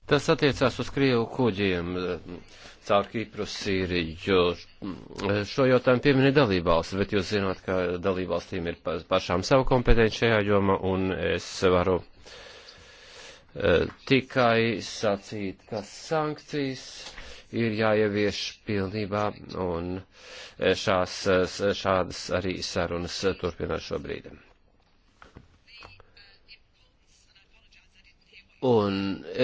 Tas attiecās uz Krievu kuģiem caur Kipru Sīriju. Šo jautājumu pieminē dalībvalsts, bet jūs zināt, ka dalībvalstīm ir pašām savu kompetenci šajā jomā, un es varu Eh, tikai sacīt, ka sankcijas ir jāievieš pilnībā, un eh, šās, eh, šādas arī sarunas turpinās šobrīd. Un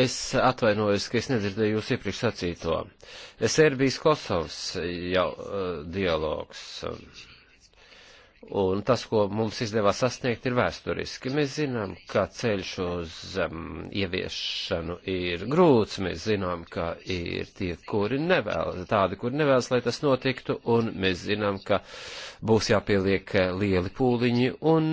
es atvainojos, ka es nedzirdēju jūs iepriekš sacīto. Serbijas Kosovas jau, uh, dialogs. Uh, Un tas, ko mums izdevās sasniegt, ir vēsturiski. Mēs zinām, ka ceļš uz um, ieviešanu ir grūts, mēs zinām, ka ir tie, kuri nevēlas, tādi, kuri nevēlas, lai tas notiktu, un mēs zinām, ka būs jāpieliek eh, lieli pūliņi, un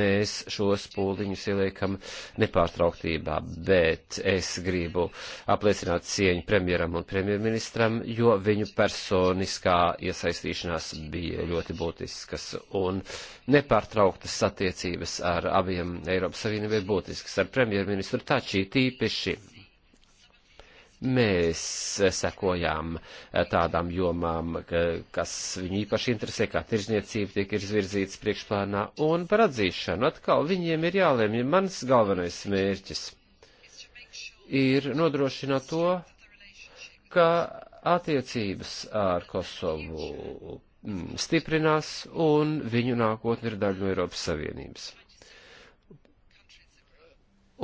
mēs šos pūliņus ieliekam nepārtrauktībā. Bet es gribu apliecināt cieņu premjeram un premjerministram, jo viņu personiskā iesaistīšanās bija ļoti būtiskas. Un un nepārtrauktas attiecības ar abiem Eiropas Savienībai būtiskas ar premjerministru Tačī tīpaši. Mēs sekojām eh, tādām jomām, kas viņu īpaši interesē, kā tirzniecība tiek izvirzītas priekšplānā, un par atzīšanu atkal viņiem ir jālēmj. Mans galvenais mērķis ir nodrošināt to, ka attiecības ar Kosovu Mm, stiprinās un viņu nākotne ir daļa no Eiropas Savienības.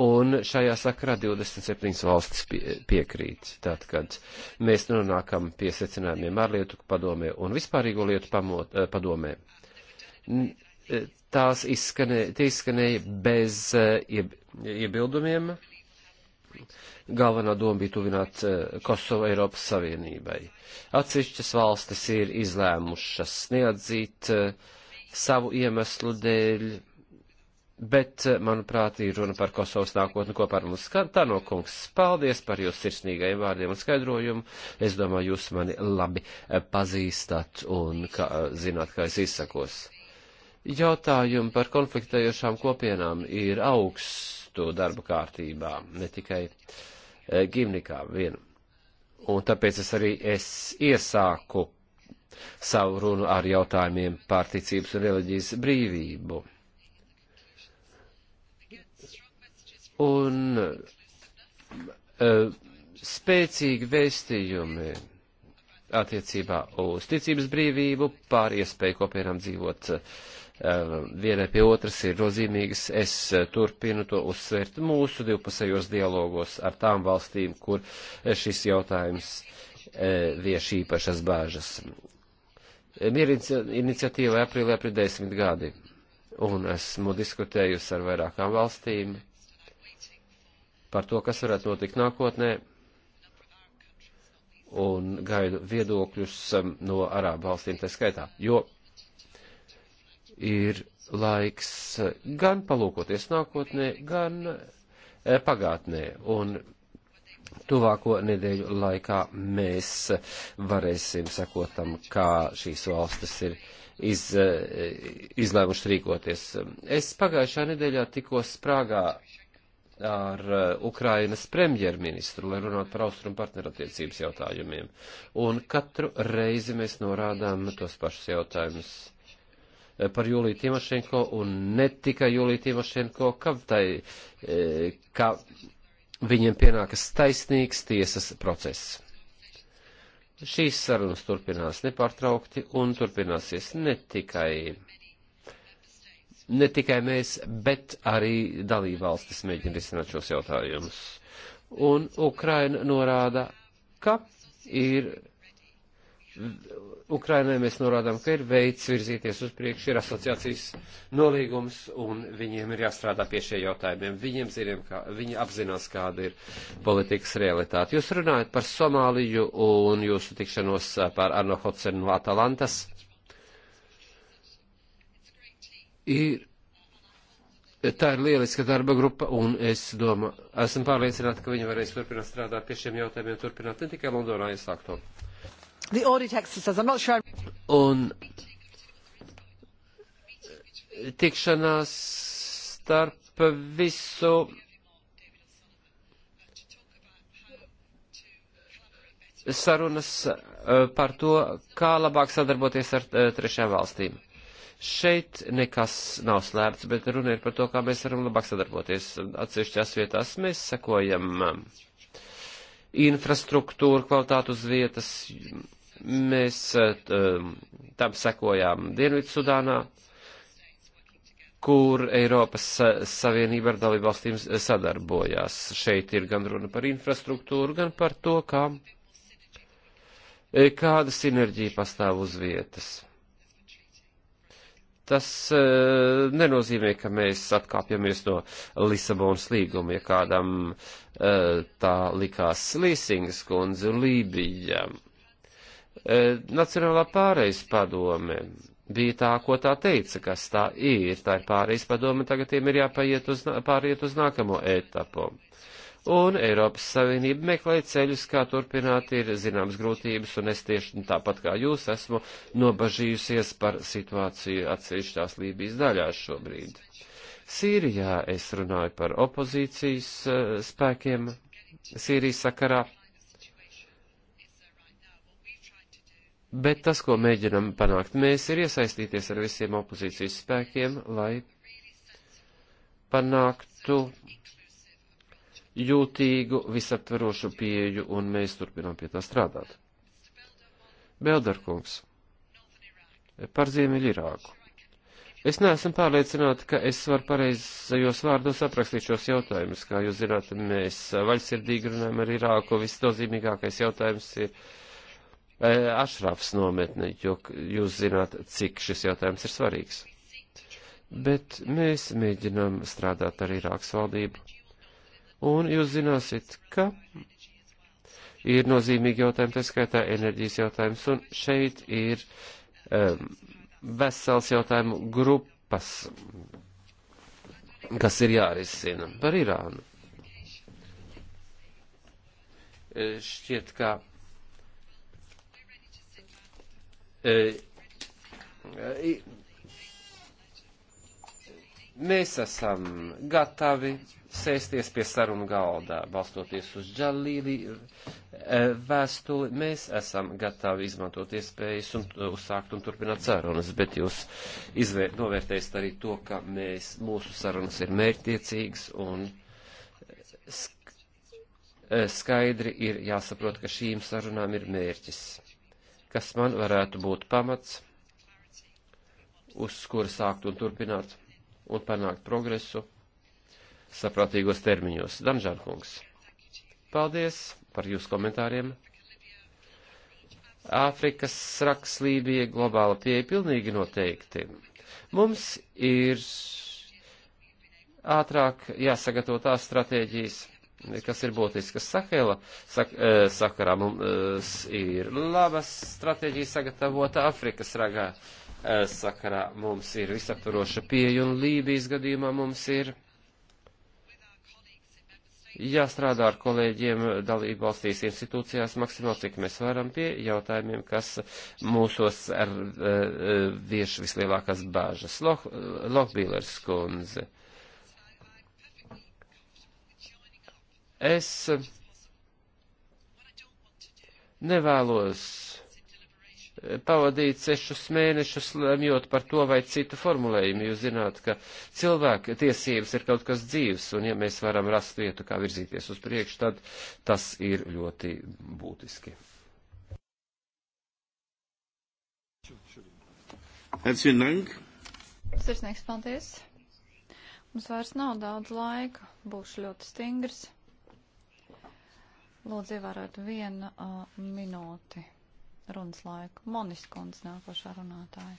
Un šajā sakarā 27 valstis piekrīt. Tad, kad mēs nonākam pie secinājumiem ārlietu padomē un vispārīgo lietu pamot, eh, padomē, eh, tās izskanē, tie izskanēja bez eh, iebildumiem. Ie galvenā doma bija tuvināt eh, Kosovu Eiropas Savienībai. Atsevišķas valstis ir izlēmušas neatzīt eh, savu iemeslu dēļ, bet, eh, manuprāt, ir runa par Kosovas nākotni kopā ar mums. Tano kungs, paldies par jūsu sirsnīgajiem vārdiem un skaidrojumu. Es domāju, jūs mani labi pazīstat un kā, zināt, kā es izsakos. Jautājumi par konfliktējošām kopienām ir augsts punktu darba kārtībā, ne tikai e, gimnikā vienu. Un tāpēc es arī es iesāku savu runu ar jautājumiem par ticības un reliģijas brīvību. Un uh, spēcīgi vēstījumi attiecībā uz ticības brīvību, pār iespēju kopienām dzīvot uh, Ehm, vienai pie otras ir nozīmīgas. Es eh, turpinu to uzsvērt mūsu divpusējos dialogos ar tām valstīm, kur eh, šis jautājums eh, vieš īpašas bāžas. Miera iniciatīva aprīlē pret desmit gadi, un esmu diskutējusi ar vairākām valstīm par to, kas varētu notikt nākotnē, un gaidu viedokļus ehm, no arābu valstīm tā skaitā, jo ir laiks gan palūkoties nākotnē, gan eh, pagātnē. Un tuvāko nedēļu laikā mēs varēsim sekot tam, kā šīs valstis ir iz, eh, izlēmuši rīkoties. Es pagājušā nedēļā tikos Prāgā ar eh, Ukrainas premjerministru, lai runātu par austrumu partnerattiecības jautājumiem. Un katru reizi mēs norādām tos pašus jautājumus Eh, par Juliju Timošenko un ne tikai Juliju Timošenko, ka, tai, eh, ka viņiem pienākas taisnīgs tiesas process. Šīs sarunas turpinās nepārtraukti un turpināsies ne tikai, ne tikai mēs, bet arī dalībvalstis mēģina risināt šos jautājumus. Un Ukraina norāda, ka ir Ukrainai mēs norādām, ka ir veids virzīties uz priekšu, ir asociācijas nolīgums, un viņiem ir jāstrādā pie šie jautājumiem. Viņiem ziniem, kā, viņi apzinās, kāda ir politikas realitāte. Jūs runājat par Somāliju un jūsu tikšanos par Arno Hotsenu no Atalantas. Ir Tā ir lieliska darba grupa, un es domāju, esmu pārliecināta, ka viņi varēs turpināt strādāt pie šiem jautājumiem, turpināt ne tikai Londonā iesākto the audit exercise. I'm not sure. Un tikšanās starp visu sarunas e, par to, kā labāk sadarboties ar e, trešajām valstīm. Šeit nekas nav slēpts, bet runa ir par to, kā mēs varam labāk sadarboties. Atsevišķās vietās mēs sekojam e, infrastruktūru kvalitātu uz vietas, Mēs eh, um, tam sekojām Dienvidsudānā, kur Eiropas eh, Savienība ar dalībvalstīm eh, sadarbojās. Šeit ir gan runa par infrastruktūru, gan par to, kā, kāda sinerģija pastāv uz vietas. Tas nenozīmē, ka mēs atkāpjamies no Lisabonas līguma, ja kādam tā likās Līsings kundze un Lībijam E, Nacionālā pārejas padome bija tā, ko tā teica, kas tā ir. Tā ir pārejas padome, tagad tiem ir jāpaiet uz, pāriet uz nākamo etapu. Un Eiropas Savienība meklē ceļus, kā turpināt, ir zināmas grūtības, un es tieši tāpat kā jūs esmu nobažījusies par situāciju atsevišķās Lībijas daļās šobrīd. Sīrijā es runāju par opozīcijas uh, spēkiem Sīrijas sakarā. Bet tas, ko mēģinam panākt mēs, ir iesaistīties ar visiem opozīcijas spēkiem, lai panāktu jūtīgu, visaptverošu pieeju, un mēs turpinām pie tā strādāt. Beldarkungs par Ziemeļu Irāku. Es neesmu pārliecināta, ka es varu pareizajos vārdos aprakstīt šos jautājumus. Kā jūs zināt, mēs vaļsirdīgi runājam ar Irāku, viss nozīmīgākais jautājums ir Eh, Ašrafs nometni, jo jūs zināt, cik šis jautājums ir svarīgs. Bet mēs mēģinām strādāt ar Irākas valdību. Un jūs zināsiet, ka ir nozīmīgi jautājumi, tā skaitā enerģijas jautājums, un šeit ir um, vesels jautājumu grupas, kas ir jārisina par Irānu. Eh, šķiet, ka Eh, mēs esam gatavi sēsties pie sarunu galdā, balstoties uz džalīli eh, vēstuli. Mēs esam gatavi izmantot iespējas un uzsākt un turpināt sarunas, bet jūs izvēr, novērtēsiet arī to, ka mēs, mūsu sarunas ir mērķtiecīgas un eh, skaidri ir jāsaprot, ka šīm sarunām ir mērķis kas man varētu būt pamats, uz kura sākt un turpināt un panākt progresu saprātīgos termiņos. Danžārkungs, paldies par jūsu komentāriem. Āfrikas rakslībie globāla pieeja pilnīgi noteikti. Mums ir ātrāk jāsagatavo tās stratēģijas kas ir būtiskas Sahela sak, e, sakarā. Mums e, ir labas stratēģijas sagatavota Afrikas ragā e, sakarā. Mums ir visaptvaroša pieeja un Lībijas gadījumā mums ir jāstrādā ar kolēģiem dalību valstīs institūcijās maksimāli, cik mēs varam pie jautājumiem, kas mūsos ar, vieš vislielākās bāžas. Lohbīlers Loh kundze. Es eh, nevēlos eh, pavadīt sešus mēnešus lemjot par to vai citu formulējumu. Jūs zināt, ka cilvēka tiesības ir kaut kas dzīves, un ja mēs varam rast vietu, kā virzīties uz priekšu, tad tas ir ļoti būtiski. Sirsnīgs paldies! Mums vairs nav daudz laika, būšu ļoti stingrs. Lūdzu, ievērot vienu uh, minūti runas laiku. Monis kundze nākošā runātāja.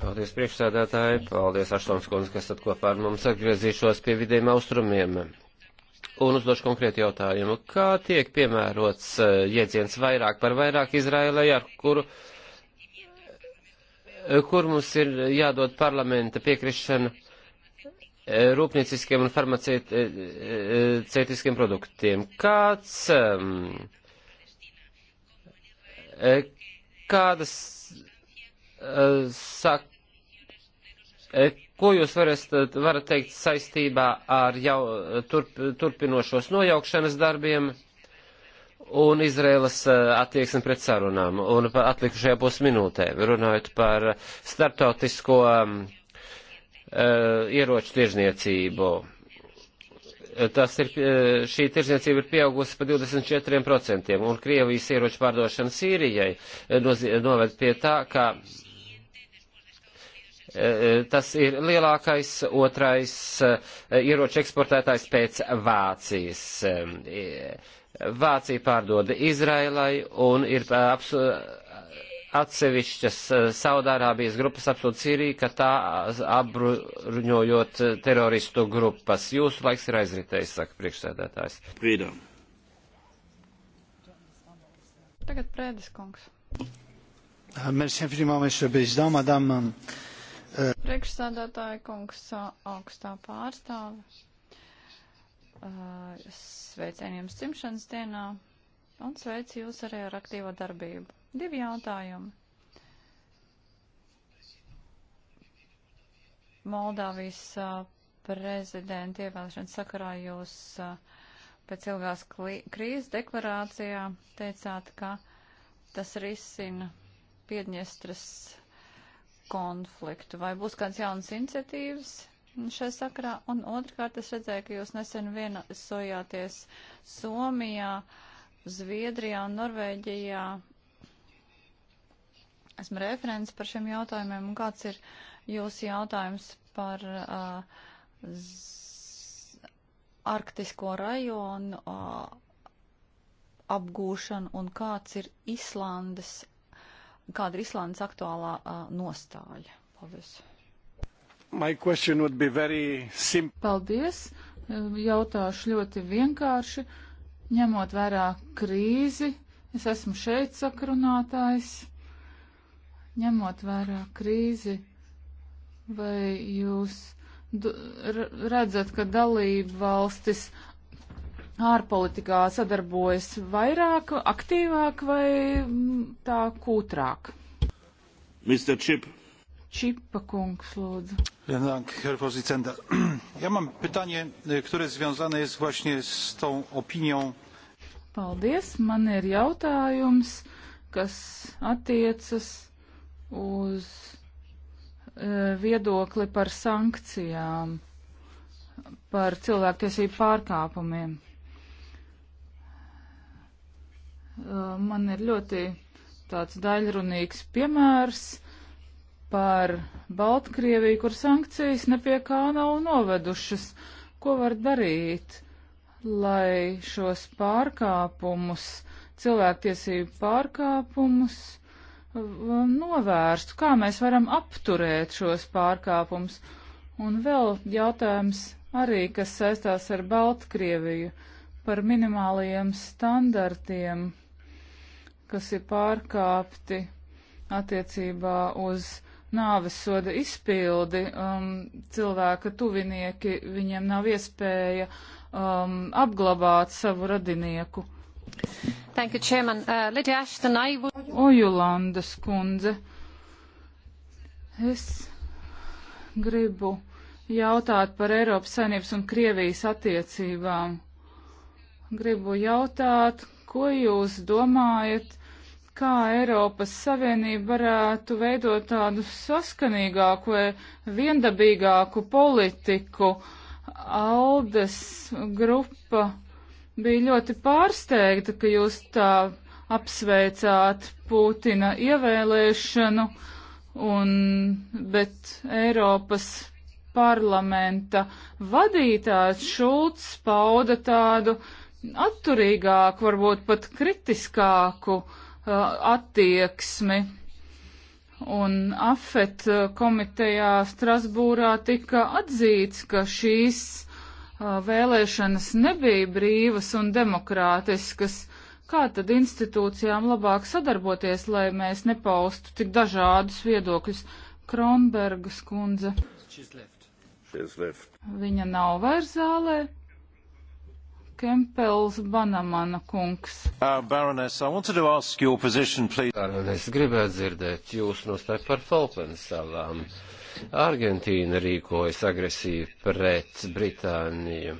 Paldies priekšsēdētāji, paldies Aštons kundze, kas tad kopā ar mums atgriezīšos pie vidiem austrumiem. Un uzdošu konkrētu jautājumu. Kā tiek piemērots uh, jēdziens vairāk par vairāk Izrēlai, ar kuru uh, kur mums ir jādod parlamenta piekrišana rūpnieciskiem un farmaceitiskiem e, e, produktiem. Kāds, e, kādas sak, ko jūs varat, varat teikt saistībā ar jau turp, turpinošos nojaukšanas darbiem un Izraēlas attieksmi pret sarunām un atlikušajā pusminūtē, runājot par starptautisko um, Eh, ieroču tirzniecību. Tas ir, eh, šī tirzniecība ir pieaugusi pa 24%, un Krievijas ieroču pārdošana Sīrijai eh, noved pie tā, ka tas ir lielākais otrais ieroču eksportētājs pēc Vācijas. Vācija pārdoda Izraēlai un ir apsu, atsevišķas eh, Saudārābijas grupas apsūdz Sīriju, ka tā eh, apbruņojot eh, teroristu grupas. Jūsu laiks ir aizritējis, saka priekšsēdētājs. Prīdām. Tagad prēdes kungs. Merci infiniment, monsieur Président, madame. Priekšsēdētāja kungs augstā pārstāve. Sveicieniem dzimšanas dienā un sveicu jūs arī ar aktīvo darbību. Divi jautājumi. Moldāvijas prezidenta ievēlēšanas sakarā jūs pēc ilgās krīzes deklarācijā teicāt, ka tas risina Piedņestras konfliktu. Vai būs kāds jauns iniciatīvas šai sakarā? Un otrkārt, es redzēju, ka jūs nesen vienasojāties Somijā, Zviedrijā un Norvēģijā esmu referents par šiem jautājumiem, un kāds ir jūsu jautājums par uh, arktisko rajonu uh, apgūšanu un kāds ir Islandes, kāda ir Islandes aktuālā uh, nostāja? Paldies. My question would be very simple. Paldies. Jautāšu ļoti vienkārši. Ņemot vērā krīzi, es esmu šeit sakrunātājs ņemot vērā krīzi, vai jūs redzat, ka dalība valstis ārpolitikā sadarbojas vairāk, aktīvāk vai mm, tā kūtrāk? Mr. Chip. Chipa kungs, lūdzu. Ja nu, mam pytanie, które związane jest właśnie z tą opinią. Paldies, man ir jautājums, kas attiecas uz e, viedokli par sankcijām, par cilvēktiesību pārkāpumiem. E, man ir ļoti tāds daļrunīgs piemērs par Baltkrieviju, kur sankcijas nepie kā nav novedušas. Ko var darīt, lai šos pārkāpumus, cilvēktiesību pārkāpumus, uh, novērstu, kā mēs varam apturēt šos pārkāpumus. Un vēl jautājums arī, kas saistās ar Baltkrieviju par minimālajiem standartiem, kas ir pārkāpti attiecībā uz nāves soda izpildi. Um, cilvēka tuvinieki, viņiem nav iespēja um, apglabāt savu radinieku. Thank you, Chairman. Uh, Lidija Ashton, I would... Ojulandas kundze, es gribu jautāt par Eiropas saimnības un Krievijas attiecībām. Gribu jautāt, ko jūs domājat, kā Eiropas Savienība varētu veidot tādu saskanīgāku vai viendabīgāku politiku. Aldes grupa biju ļoti pārsteigta, ka jūs tā apsveicāt Putina ievēlēšanu, un, bet Eiropas parlamenta vadītājs Šulcs pauda tādu atturīgāku, varbūt pat kritiskāku uh, attieksmi. Un AFET uh, komitejā Strasbūrā tika atzīts, ka šīs vēlēšanas nebija brīvas un demokrātiskas, kā tad institūcijām labāk sadarboties, lai mēs nepaustu tik dažādus viedokļus? Kronbergas kundze. Viņa nav vairs zālē. Kempels Banamana kungs. Uh, Baroness, I wanted to ask your position, please. Baroness, gribētu dzirdēt jūs nostāju par Falklandas salām. Uh, Argentīna rīkojas agresīvi pret Britāniju,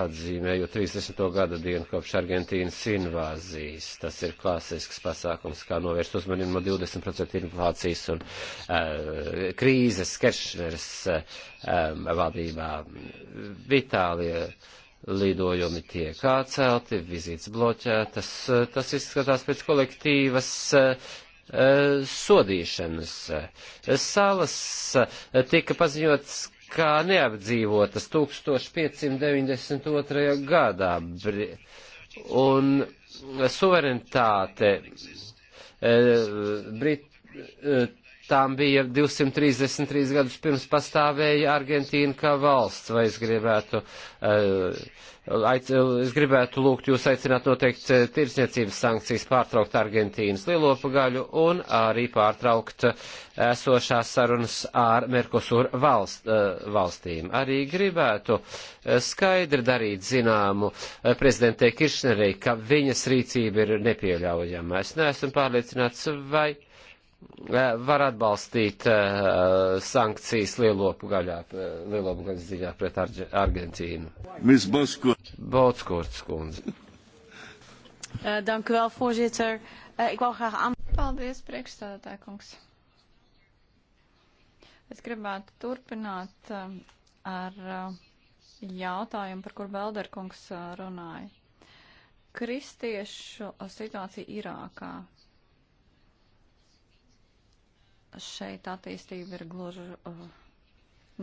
atzīmējot 30. gada dienu kopš Argentīnas invāzijas. Tas ir klasisks pasākums, kā novērst uzmanību no 20% inflācijas un uh, krīzes Keršneres uh, eh, vadībā. Vitālija lidojumi tiek atcelti, vizītes bloķētas. Tas izskatās pēc kolektīvas eh, Eh, sodīšanas. Eh, salas eh, tika paziņotas kā neapdzīvotas 1592. gadā, un suverenitāte Brit tām bija 233 gadus pirms pastāvēja Argentīna kā valsts, vai es gribētu, eh, aic, es gribētu lūgt jūs aicināt noteikt eh, tirsniecības sankcijas pārtraukt Argentīnas lielopu gaļu un arī pārtraukt eh, esošās sarunas ar Merkosur valst, valstīm. Arī gribētu skaidri darīt zināmu prezidentē Kiršnerei, ka viņas rīcība ir nepieļaujama. Es neesmu pārliecināts, vai Eh, var atbalstīt uh, sankcijas lielopu gaļā, eh, lielopu gaļas ziņā pret Arģe, Argentīnu. Miss Botskurts kundze. Uh, dank u wel, voorzitter. Uh, ik wou graag aan... Paldies, priekšstādātāja kungs. Es gribētu turpināt uh, ar uh, jautājumu, par kur Belderkungs uh, runāja. Kristiešu situācija Irākā šeit attīstība ir gluži uh,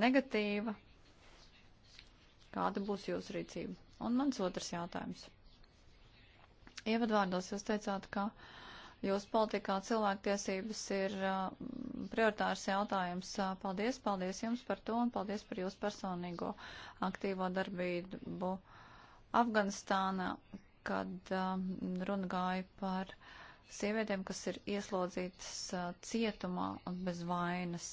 negatīva. Kāda būs jūsu rīcība? Un mans otrs jautājums. Ievadvārdos jūs teicāt, ka jūsu politikā cilvēktiesības ir uh, prioritārs jautājums. Uh, paldies, paldies jums par to un paldies par jūsu personīgo aktīvo darbību Afganistānā, kad uh, runa gāja par uh, sievietēm, kas ir ieslodzītas uh, cietumā un bez vainas.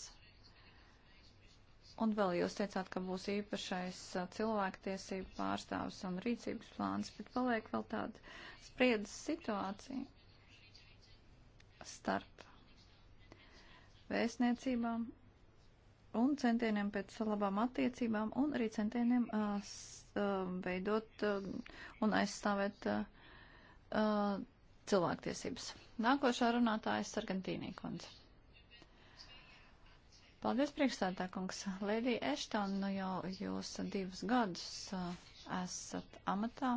Un vēl jūs teicāt, ka būs īpašais cilvēktiesību pārstāvis un rīcības plāns, bet paliek vēl tāda spriedzes situācija starp vēstniecībām un centieniem pēc labām attiecībām un arī centieniem uh, veidot uh, un aizstāvēt uh, cilvēktiesības. Nākošā runātāja Sargantīnī kundze. Paldies, priekšstādā kungs. Lēdija Eštona, nu jau jūs divus gadus uh, esat amatā.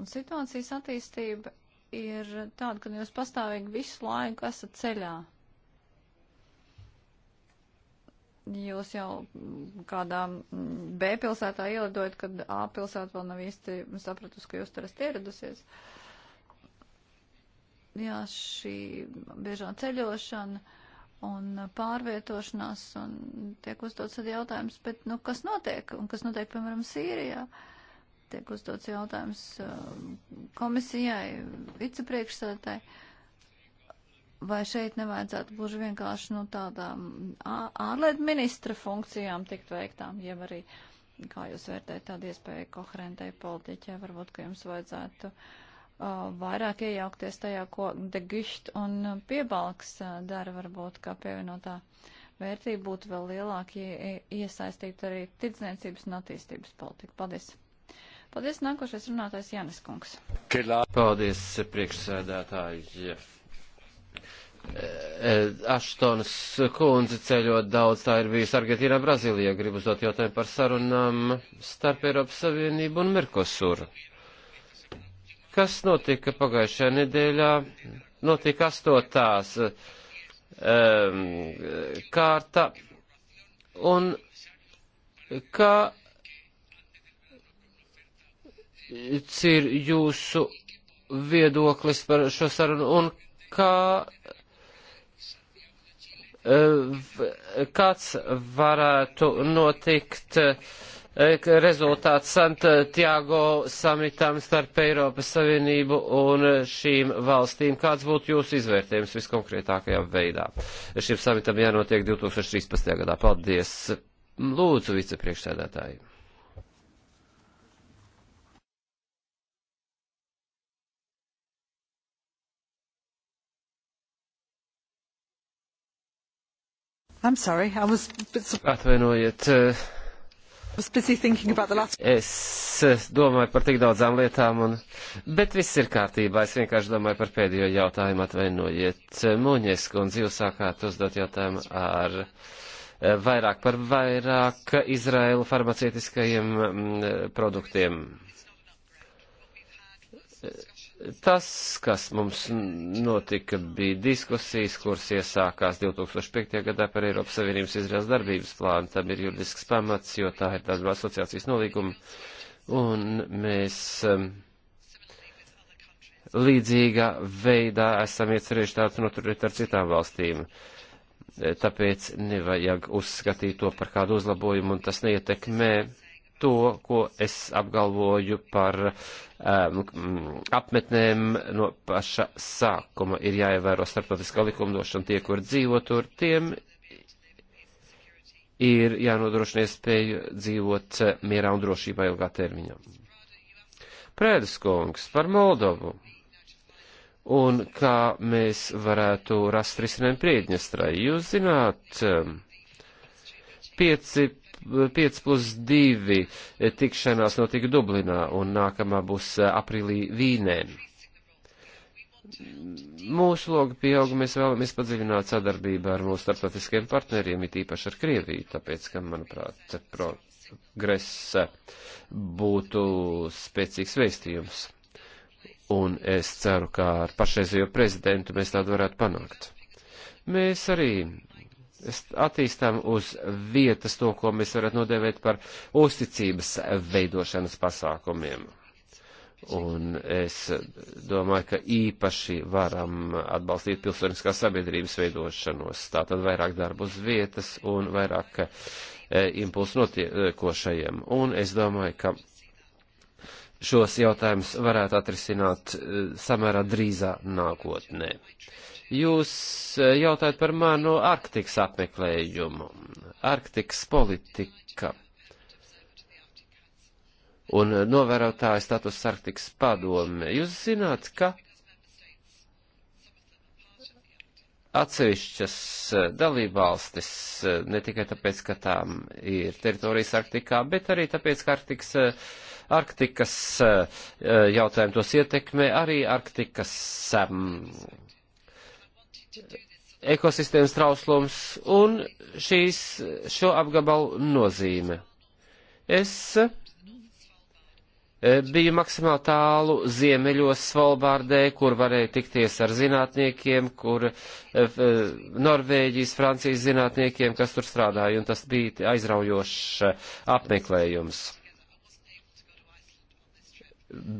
Un situācijas attīstība ir tāda, ka jūs pastāvīgi visu laiku esat ceļā jūs jau kādā mm, B pilsētā ielidojat, kad A pilsēta vēl nav īsti sapratusi, ka jūs tur esat ieradusies. Jā, šī biežā ceļošana un pārvietošanās un tiek uzdots tad jautājums, bet, nu, kas notiek? Un kas notiek, piemēram, Sīrijā? Tiek uzdots jautājums uh, komisijai, vicepriekšsētāji vai šeit nevajadzētu būži vienkārši no nu, tādām ārlietu ministra funkcijām tikt veiktām, jeb arī, kā jūs vērtējat, tāda iespēja koherentai politiķai, varbūt, ka jums vajadzētu uh, vairāk iejaukties tajā, ko de Gišt un piebalgs dara, varbūt, kā pievienotā vērtība būtu vēl lielāka, ja iesaistīt arī tirdzniecības un attīstības politiku. Paldies! Paldies, nākošais runātājs Janis Kungs. Paldies, priekšsēdētāji. Eh, Aštons kundze ceļot daudz, tā ir bijusi Argentīnā, Brazīlijā. Gribu uzdot jautājumu par sarunām starp Eiropas Savienību un Merkosuru. Kas notika pagājušajā nedēļā? Notika astotās um, kārta. Un kā ir jūsu viedoklis par šo sarunu un kā Eh, kāds varētu notikt eh, rezultāts Santiago samitām starp Eiropas Savienību un šīm valstīm. Kāds būtu jūsu izvērtējums viskonkrētākajā veidā? Šim samitam jānotiek 2013. gadā. Paldies. Lūdzu, vicepriekšsēdētāji. I'm sorry, I was... Atvainojiet. Eh, last... Es eh, domāju par tik daudzām lietām, un... bet viss ir kārtībā. Es vienkārši domāju par pēdējo jautājumu, atvainojiet. Eh, Mūņies, kundze, jūs sākāt uzdot jautājumu ar vairāk par vairāk Izraēlu farmacietiskajiem mm, produktiem. Tas, kas mums notika, bija diskusijas, kuras iesākās 2005. gadā par Eiropas Savienības izrādes darbības plānu. Tam ir juridisks pamats, jo tā ir darba asociācijas nolīguma. Un mēs um, līdzīgā veidā esam iecerējuši tādu noturēt ar citām valstīm. Tāpēc nevajag uzskatīt to par kādu uzlabojumu, un tas neietekmē to, ko es apgalvoju par um, apmetnēm no paša sākuma. Ir jāievēro starptautiskā likumdošana tie, kur dzīvo tur, tiem ir jānodrošina iespēju dzīvot uh, mierā un drošībā ilgā termiņā. Prēdes kungs par Moldovu un kā mēs varētu rast risinājumu Priedņestrai. Jūs zināt, um, pieci 5 plus 2 tikšanās notika Dublinā un nākamā būs aprīlī Vīnē. Mūsu loga pieauga, mēs vēlamies padziļināt sadarbību ar mūsu starptautiskiem partneriem, it īpaši ar Krieviju, tāpēc, ka, manuprāt, progress būtu spēcīgs veistījums. Un es ceru, ka ar pašreizējo prezidentu mēs tādu varētu panākt. Mēs arī attīstām uz vietas to, ko mēs varētu nodēvēt par uzticības veidošanas pasākumiem. Un es domāju, ka īpaši varam atbalstīt pilsoniskās sabiedrības veidošanos. Tātad vairāk darbu uz vietas un vairāk e, impulsu notiekošajiem. Un es domāju, ka šos jautājumus varētu atrisināt e, samērā drīzā nākotnē. E, Jūs eh, jautājat par manu Arktikas apmeklējumu, Arktikas politika un novērotāja status Arktikas padome. Jūs zināt, ka atsevišķas eh, dalībvalstis, eh, ne tikai tāpēc, ka tām ir teritorijas Arktikā, bet arī tāpēc, ka Arktikas, Arktikas jautājumi tos ietekmē, arī Arktikas um, ekosistēmas trauslums un šīs, šo apgabalu nozīme. Es eh, biju maksimāli tālu ziemeļos Svalbārdē, kur varēja tikties ar zinātniekiem, kur eh, eh, Norvēģijas, Francijas zinātniekiem, kas tur strādāja, un tas bija aizraujošs apmeklējums.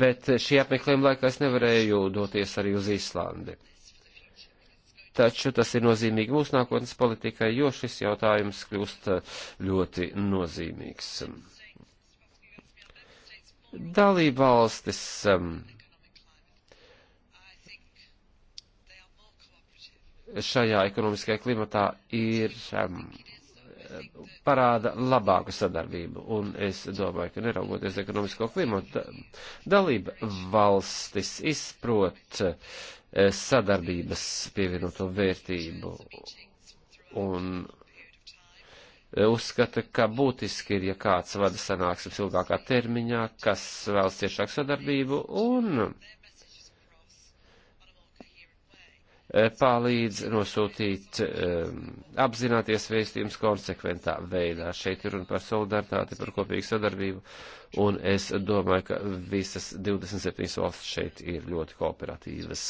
Bet šī apmeklējuma laikā es nevarēju doties arī uz Īslandi taču tas ir nozīmīgi mūsu nākotnes politikai, jo šis jautājums kļūst eh, ļoti nozīmīgs. Dalība valstis ehm, šajā ekonomiskajā klimatā ir um, parāda labāku sadarbību, un es domāju, ka neraugoties ekonomisko klimatu, dalība valstis izprot Eh, sadarbības pievienoto vērtību. Un eh, uzskata, ka būtiski ir, ja kāds vada sanāksmes ilgākā termiņā, kas vēlas ciešāku sadarbību, un Eh, palīdz nosūtīt um, apzināties vēstījums konsekventā veidā. Šeit ir runa par solidaritāti, par kopīgu sadarbību, un es domāju, ka visas 27 valsts šeit ir ļoti kooperatīvas.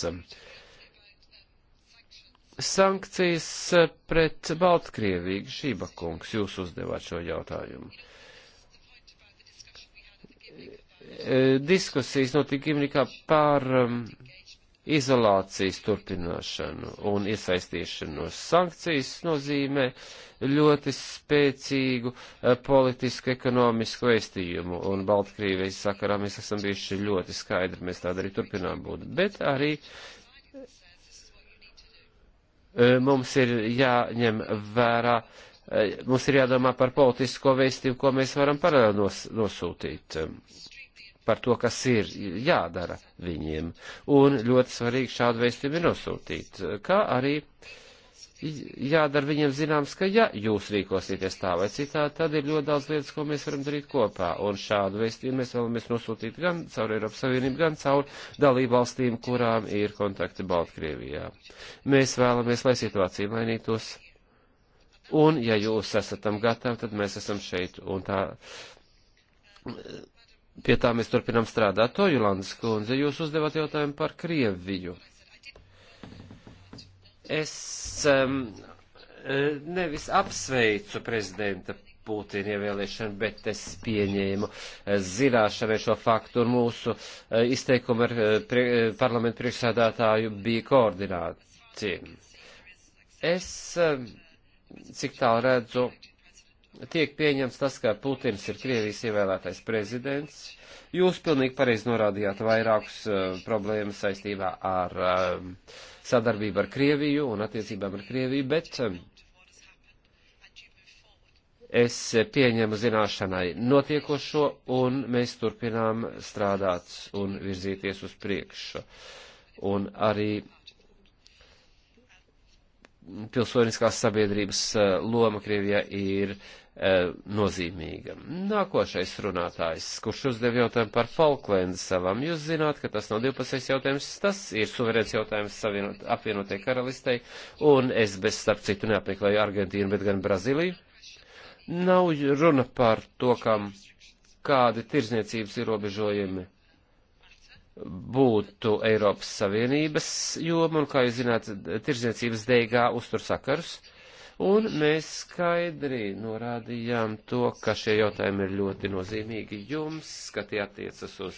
Sankcijas eh, pret Baltkrieviju, Šība kungs, jūs uzdevāt šo jautājumu. Diskusijas notika Gimnikā par um, izolācijas turpināšanu un iesaistīšanos sankcijas nozīmē ļoti spēcīgu eh, politisku, ekonomisku vēstījumu, un Baltkrievijas sakarā mēs esam bijuši ļoti skaidri, mēs tāda arī turpinām būt, bet arī eh, mums ir jāņem vērā, eh, mums ir jādomā par politisko vēstījumu, ko mēs varam paralēli nos, nosūtīt par to, kas ir jādara viņiem. Un ļoti svarīgi šādu vēstījumu ir nosūtīt, kā arī jādara viņiem zināms, ka ja jūs rīkosieties tā vai citā, tad ir ļoti daudz lietas, ko mēs varam darīt kopā. Un šādu vēstījumu mēs vēlamies nosūtīt gan caur Eiropas Savienību, gan caur dalību valstīm, kurām ir kontakti Baltkrievijā. Mēs vēlamies, lai situācija mainītos. Un, ja jūs esat tam gatavi, tad mēs esam šeit. Un tā pie tā mēs turpinām strādāt. To Julandas kundze, jūs uzdevāt jautājumu par Krieviju. Es um, eh, nevis apsveicu prezidenta Putina ievēlēšanu, bet es pieņēmu eh, zināšanai šo faktu, un mūsu eh, izteikumi ar prie, parlamentu priekšsēdātāju bija koordinācija. Es, cik tālu redzu, tiek pieņems tas, ka Putins ir Krievijas ievēlētais prezidents. Jūs pilnīgi pareizi norādījāt vairākus uh, problēmas saistībā ar um, sadarbību ar Krieviju un attiecībām ar Krieviju, bet um, es pieņemu zināšanai notiekošo un mēs turpinām strādāt un virzīties uz priekšu. Un arī pilsoniskās sabiedrības loma Krievijā ir Eh, nozīmīga. Nākošais runātājs, kurš uzdev jautājumu par Falklendas savām, jūs zināt, ka tas nav 12. jautājums, tas ir suverēns jautājums savienot, apvienotie karalistei, un es bez starp citu neapmeklēju Argentīnu, bet gan Brazīliju. Nav runa par to, kam kādi tirzniecības ierobežojumi būtu Eiropas Savienības joma, un, kā jūs zināt, tirzniecības deigā uztur sakarus. Uh, un mēs skaidri norādījām to, ka šie jautājumi ir ļoti nozīmīgi jums, ka tie attiecas uz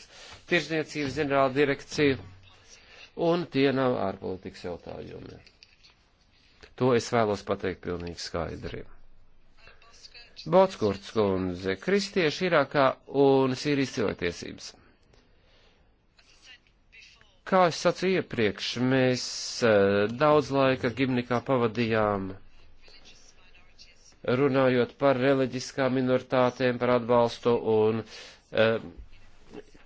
tirzniecības ģenerāla direkciju, un tie nav ārpolitikas jautājumi. To es vēlos pateikt pilnīgi skaidri. Botskurts kundze, kristieši Irākā un Sīrijas cilvēktiesības. Kā es sacīju iepriekš, mēs eh, daudz laika gimnikā pavadījām runājot par reliģiskām minoritātēm, par atbalstu un um,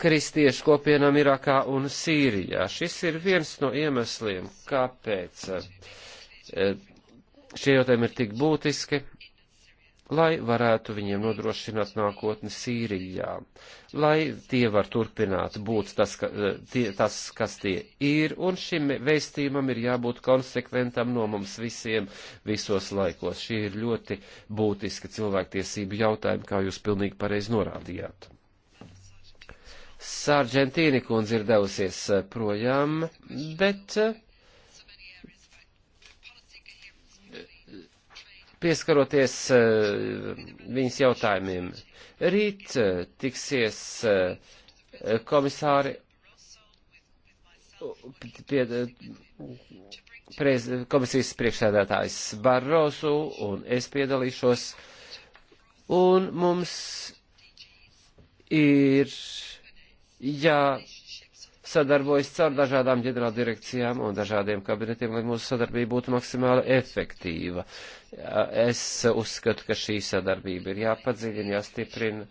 kristiešu kopienām Irākā un Sīrijā. Šis ir viens no iemesliem, kāpēc eh, šie jautājumi ir tik būtiski lai varētu viņiem nodrošināt nākotni Sīrijā, lai tie var turpināt būt tas, ka, eh, tie, tas kas tie ir, un šim veistījumam ir jābūt konsekventam no mums visiem visos laikos. Šie ir ļoti būtiski cilvēktiesību jautājumi, kā jūs pilnīgi pareizi norādījāt. Sārģentīni kundze ir devusies eh, projām, bet eh, pieskaroties eh, viņas jautājumiem. Rīt eh, tiksies eh, komisāri pie prez, komisijas priekšsēdētājs Barrosu un es piedalīšos. Un mums ir jā. Ja, sadarbojas caur dažādām ģenerāldirekcijām un dažādiem kabinetiem, lai mūsu sadarbība būtu maksimāli efektīva. Es uzskatu, ka šī sadarbība ir jāpadziļina, jāstiprina.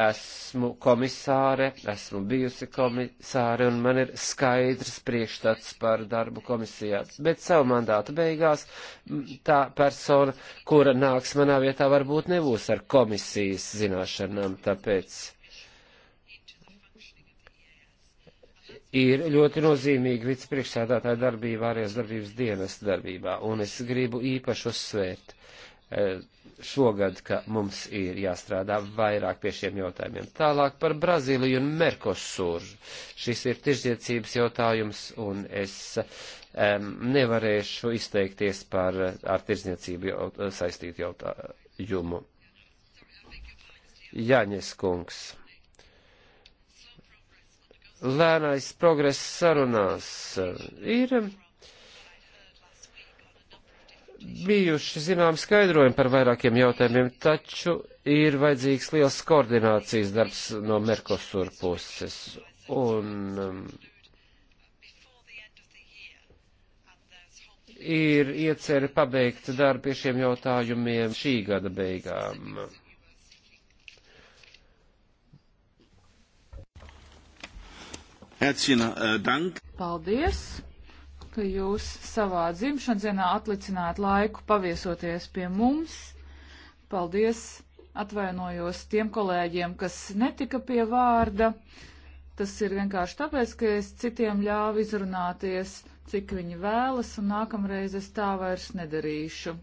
Esmu komisāre, esmu bijusi komisāre un man ir skaidrs priekšstats par darbu komisijās. Bet savu mandātu beigās tā persona, kura nāks manā vietā, varbūt nebūs ar komisijas zināšanām, tāpēc ir ļoti nozīmīga vicepriekšsēdētāja darbība ārējās darbības dienas darbībā, un es gribu īpaši uzsvērt e, šogad, ka mums ir jāstrādā vairāk pie šiem jautājumiem. Tālāk par Brazīliju un Merkosuru. Šis ir tirzniecības jautājums, un es um, nevarēšu izteikties par ar tirzniecību jaut, saistītu jautājumu. Jaņes kungs lēnais progress sarunās ir bijuši zinām skaidrojumi par vairākiem jautājumiem, taču ir vajadzīgs liels koordinācijas darbs no Merkosur puses. Un um, ir ieceri pabeigt darbu pie šiem jautājumiem šī gada beigām. Äh, Paldies, ka jūs savā dzimšanas dienā atlicināt laiku paviesoties pie mums. Paldies, atvainojos tiem kolēģiem, kas netika pie vārda. Tas ir vienkārši tāpēc, ka es citiem ļāvu izrunāties, cik viņi vēlas, un nākamreiz es tā vairs nedarīšu.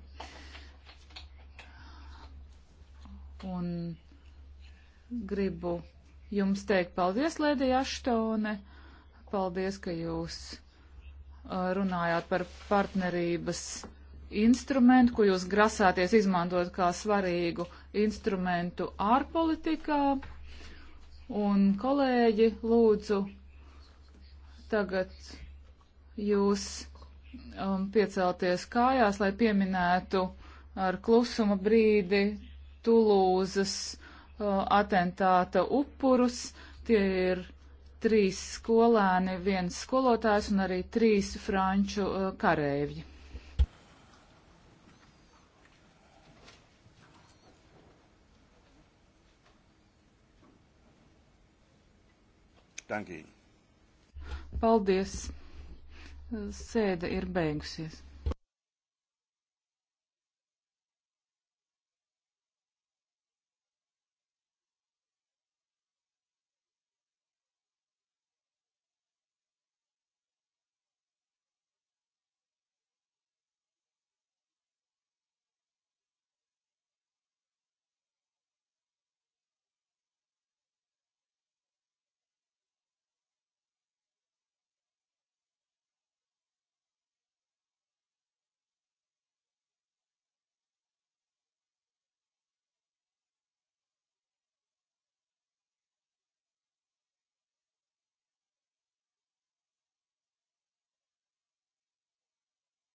Un gribu jums teikt paldies, Lēdija Aštone. Paldies, ka jūs uh, runājāt par partnerības instrumentu, ko jūs grasāties izmantot kā svarīgu instrumentu ārpolitikā. Un kolēģi, lūdzu, tagad jūs um, piecelties kājās, lai pieminētu ar klusuma brīdi Tulūzas Uh, atentāta upurus. Tie ir trīs skolēni, viens skolotājs un arī trīs franču uh, karēvji. Danke. Paldies. Sēde ir beigusies.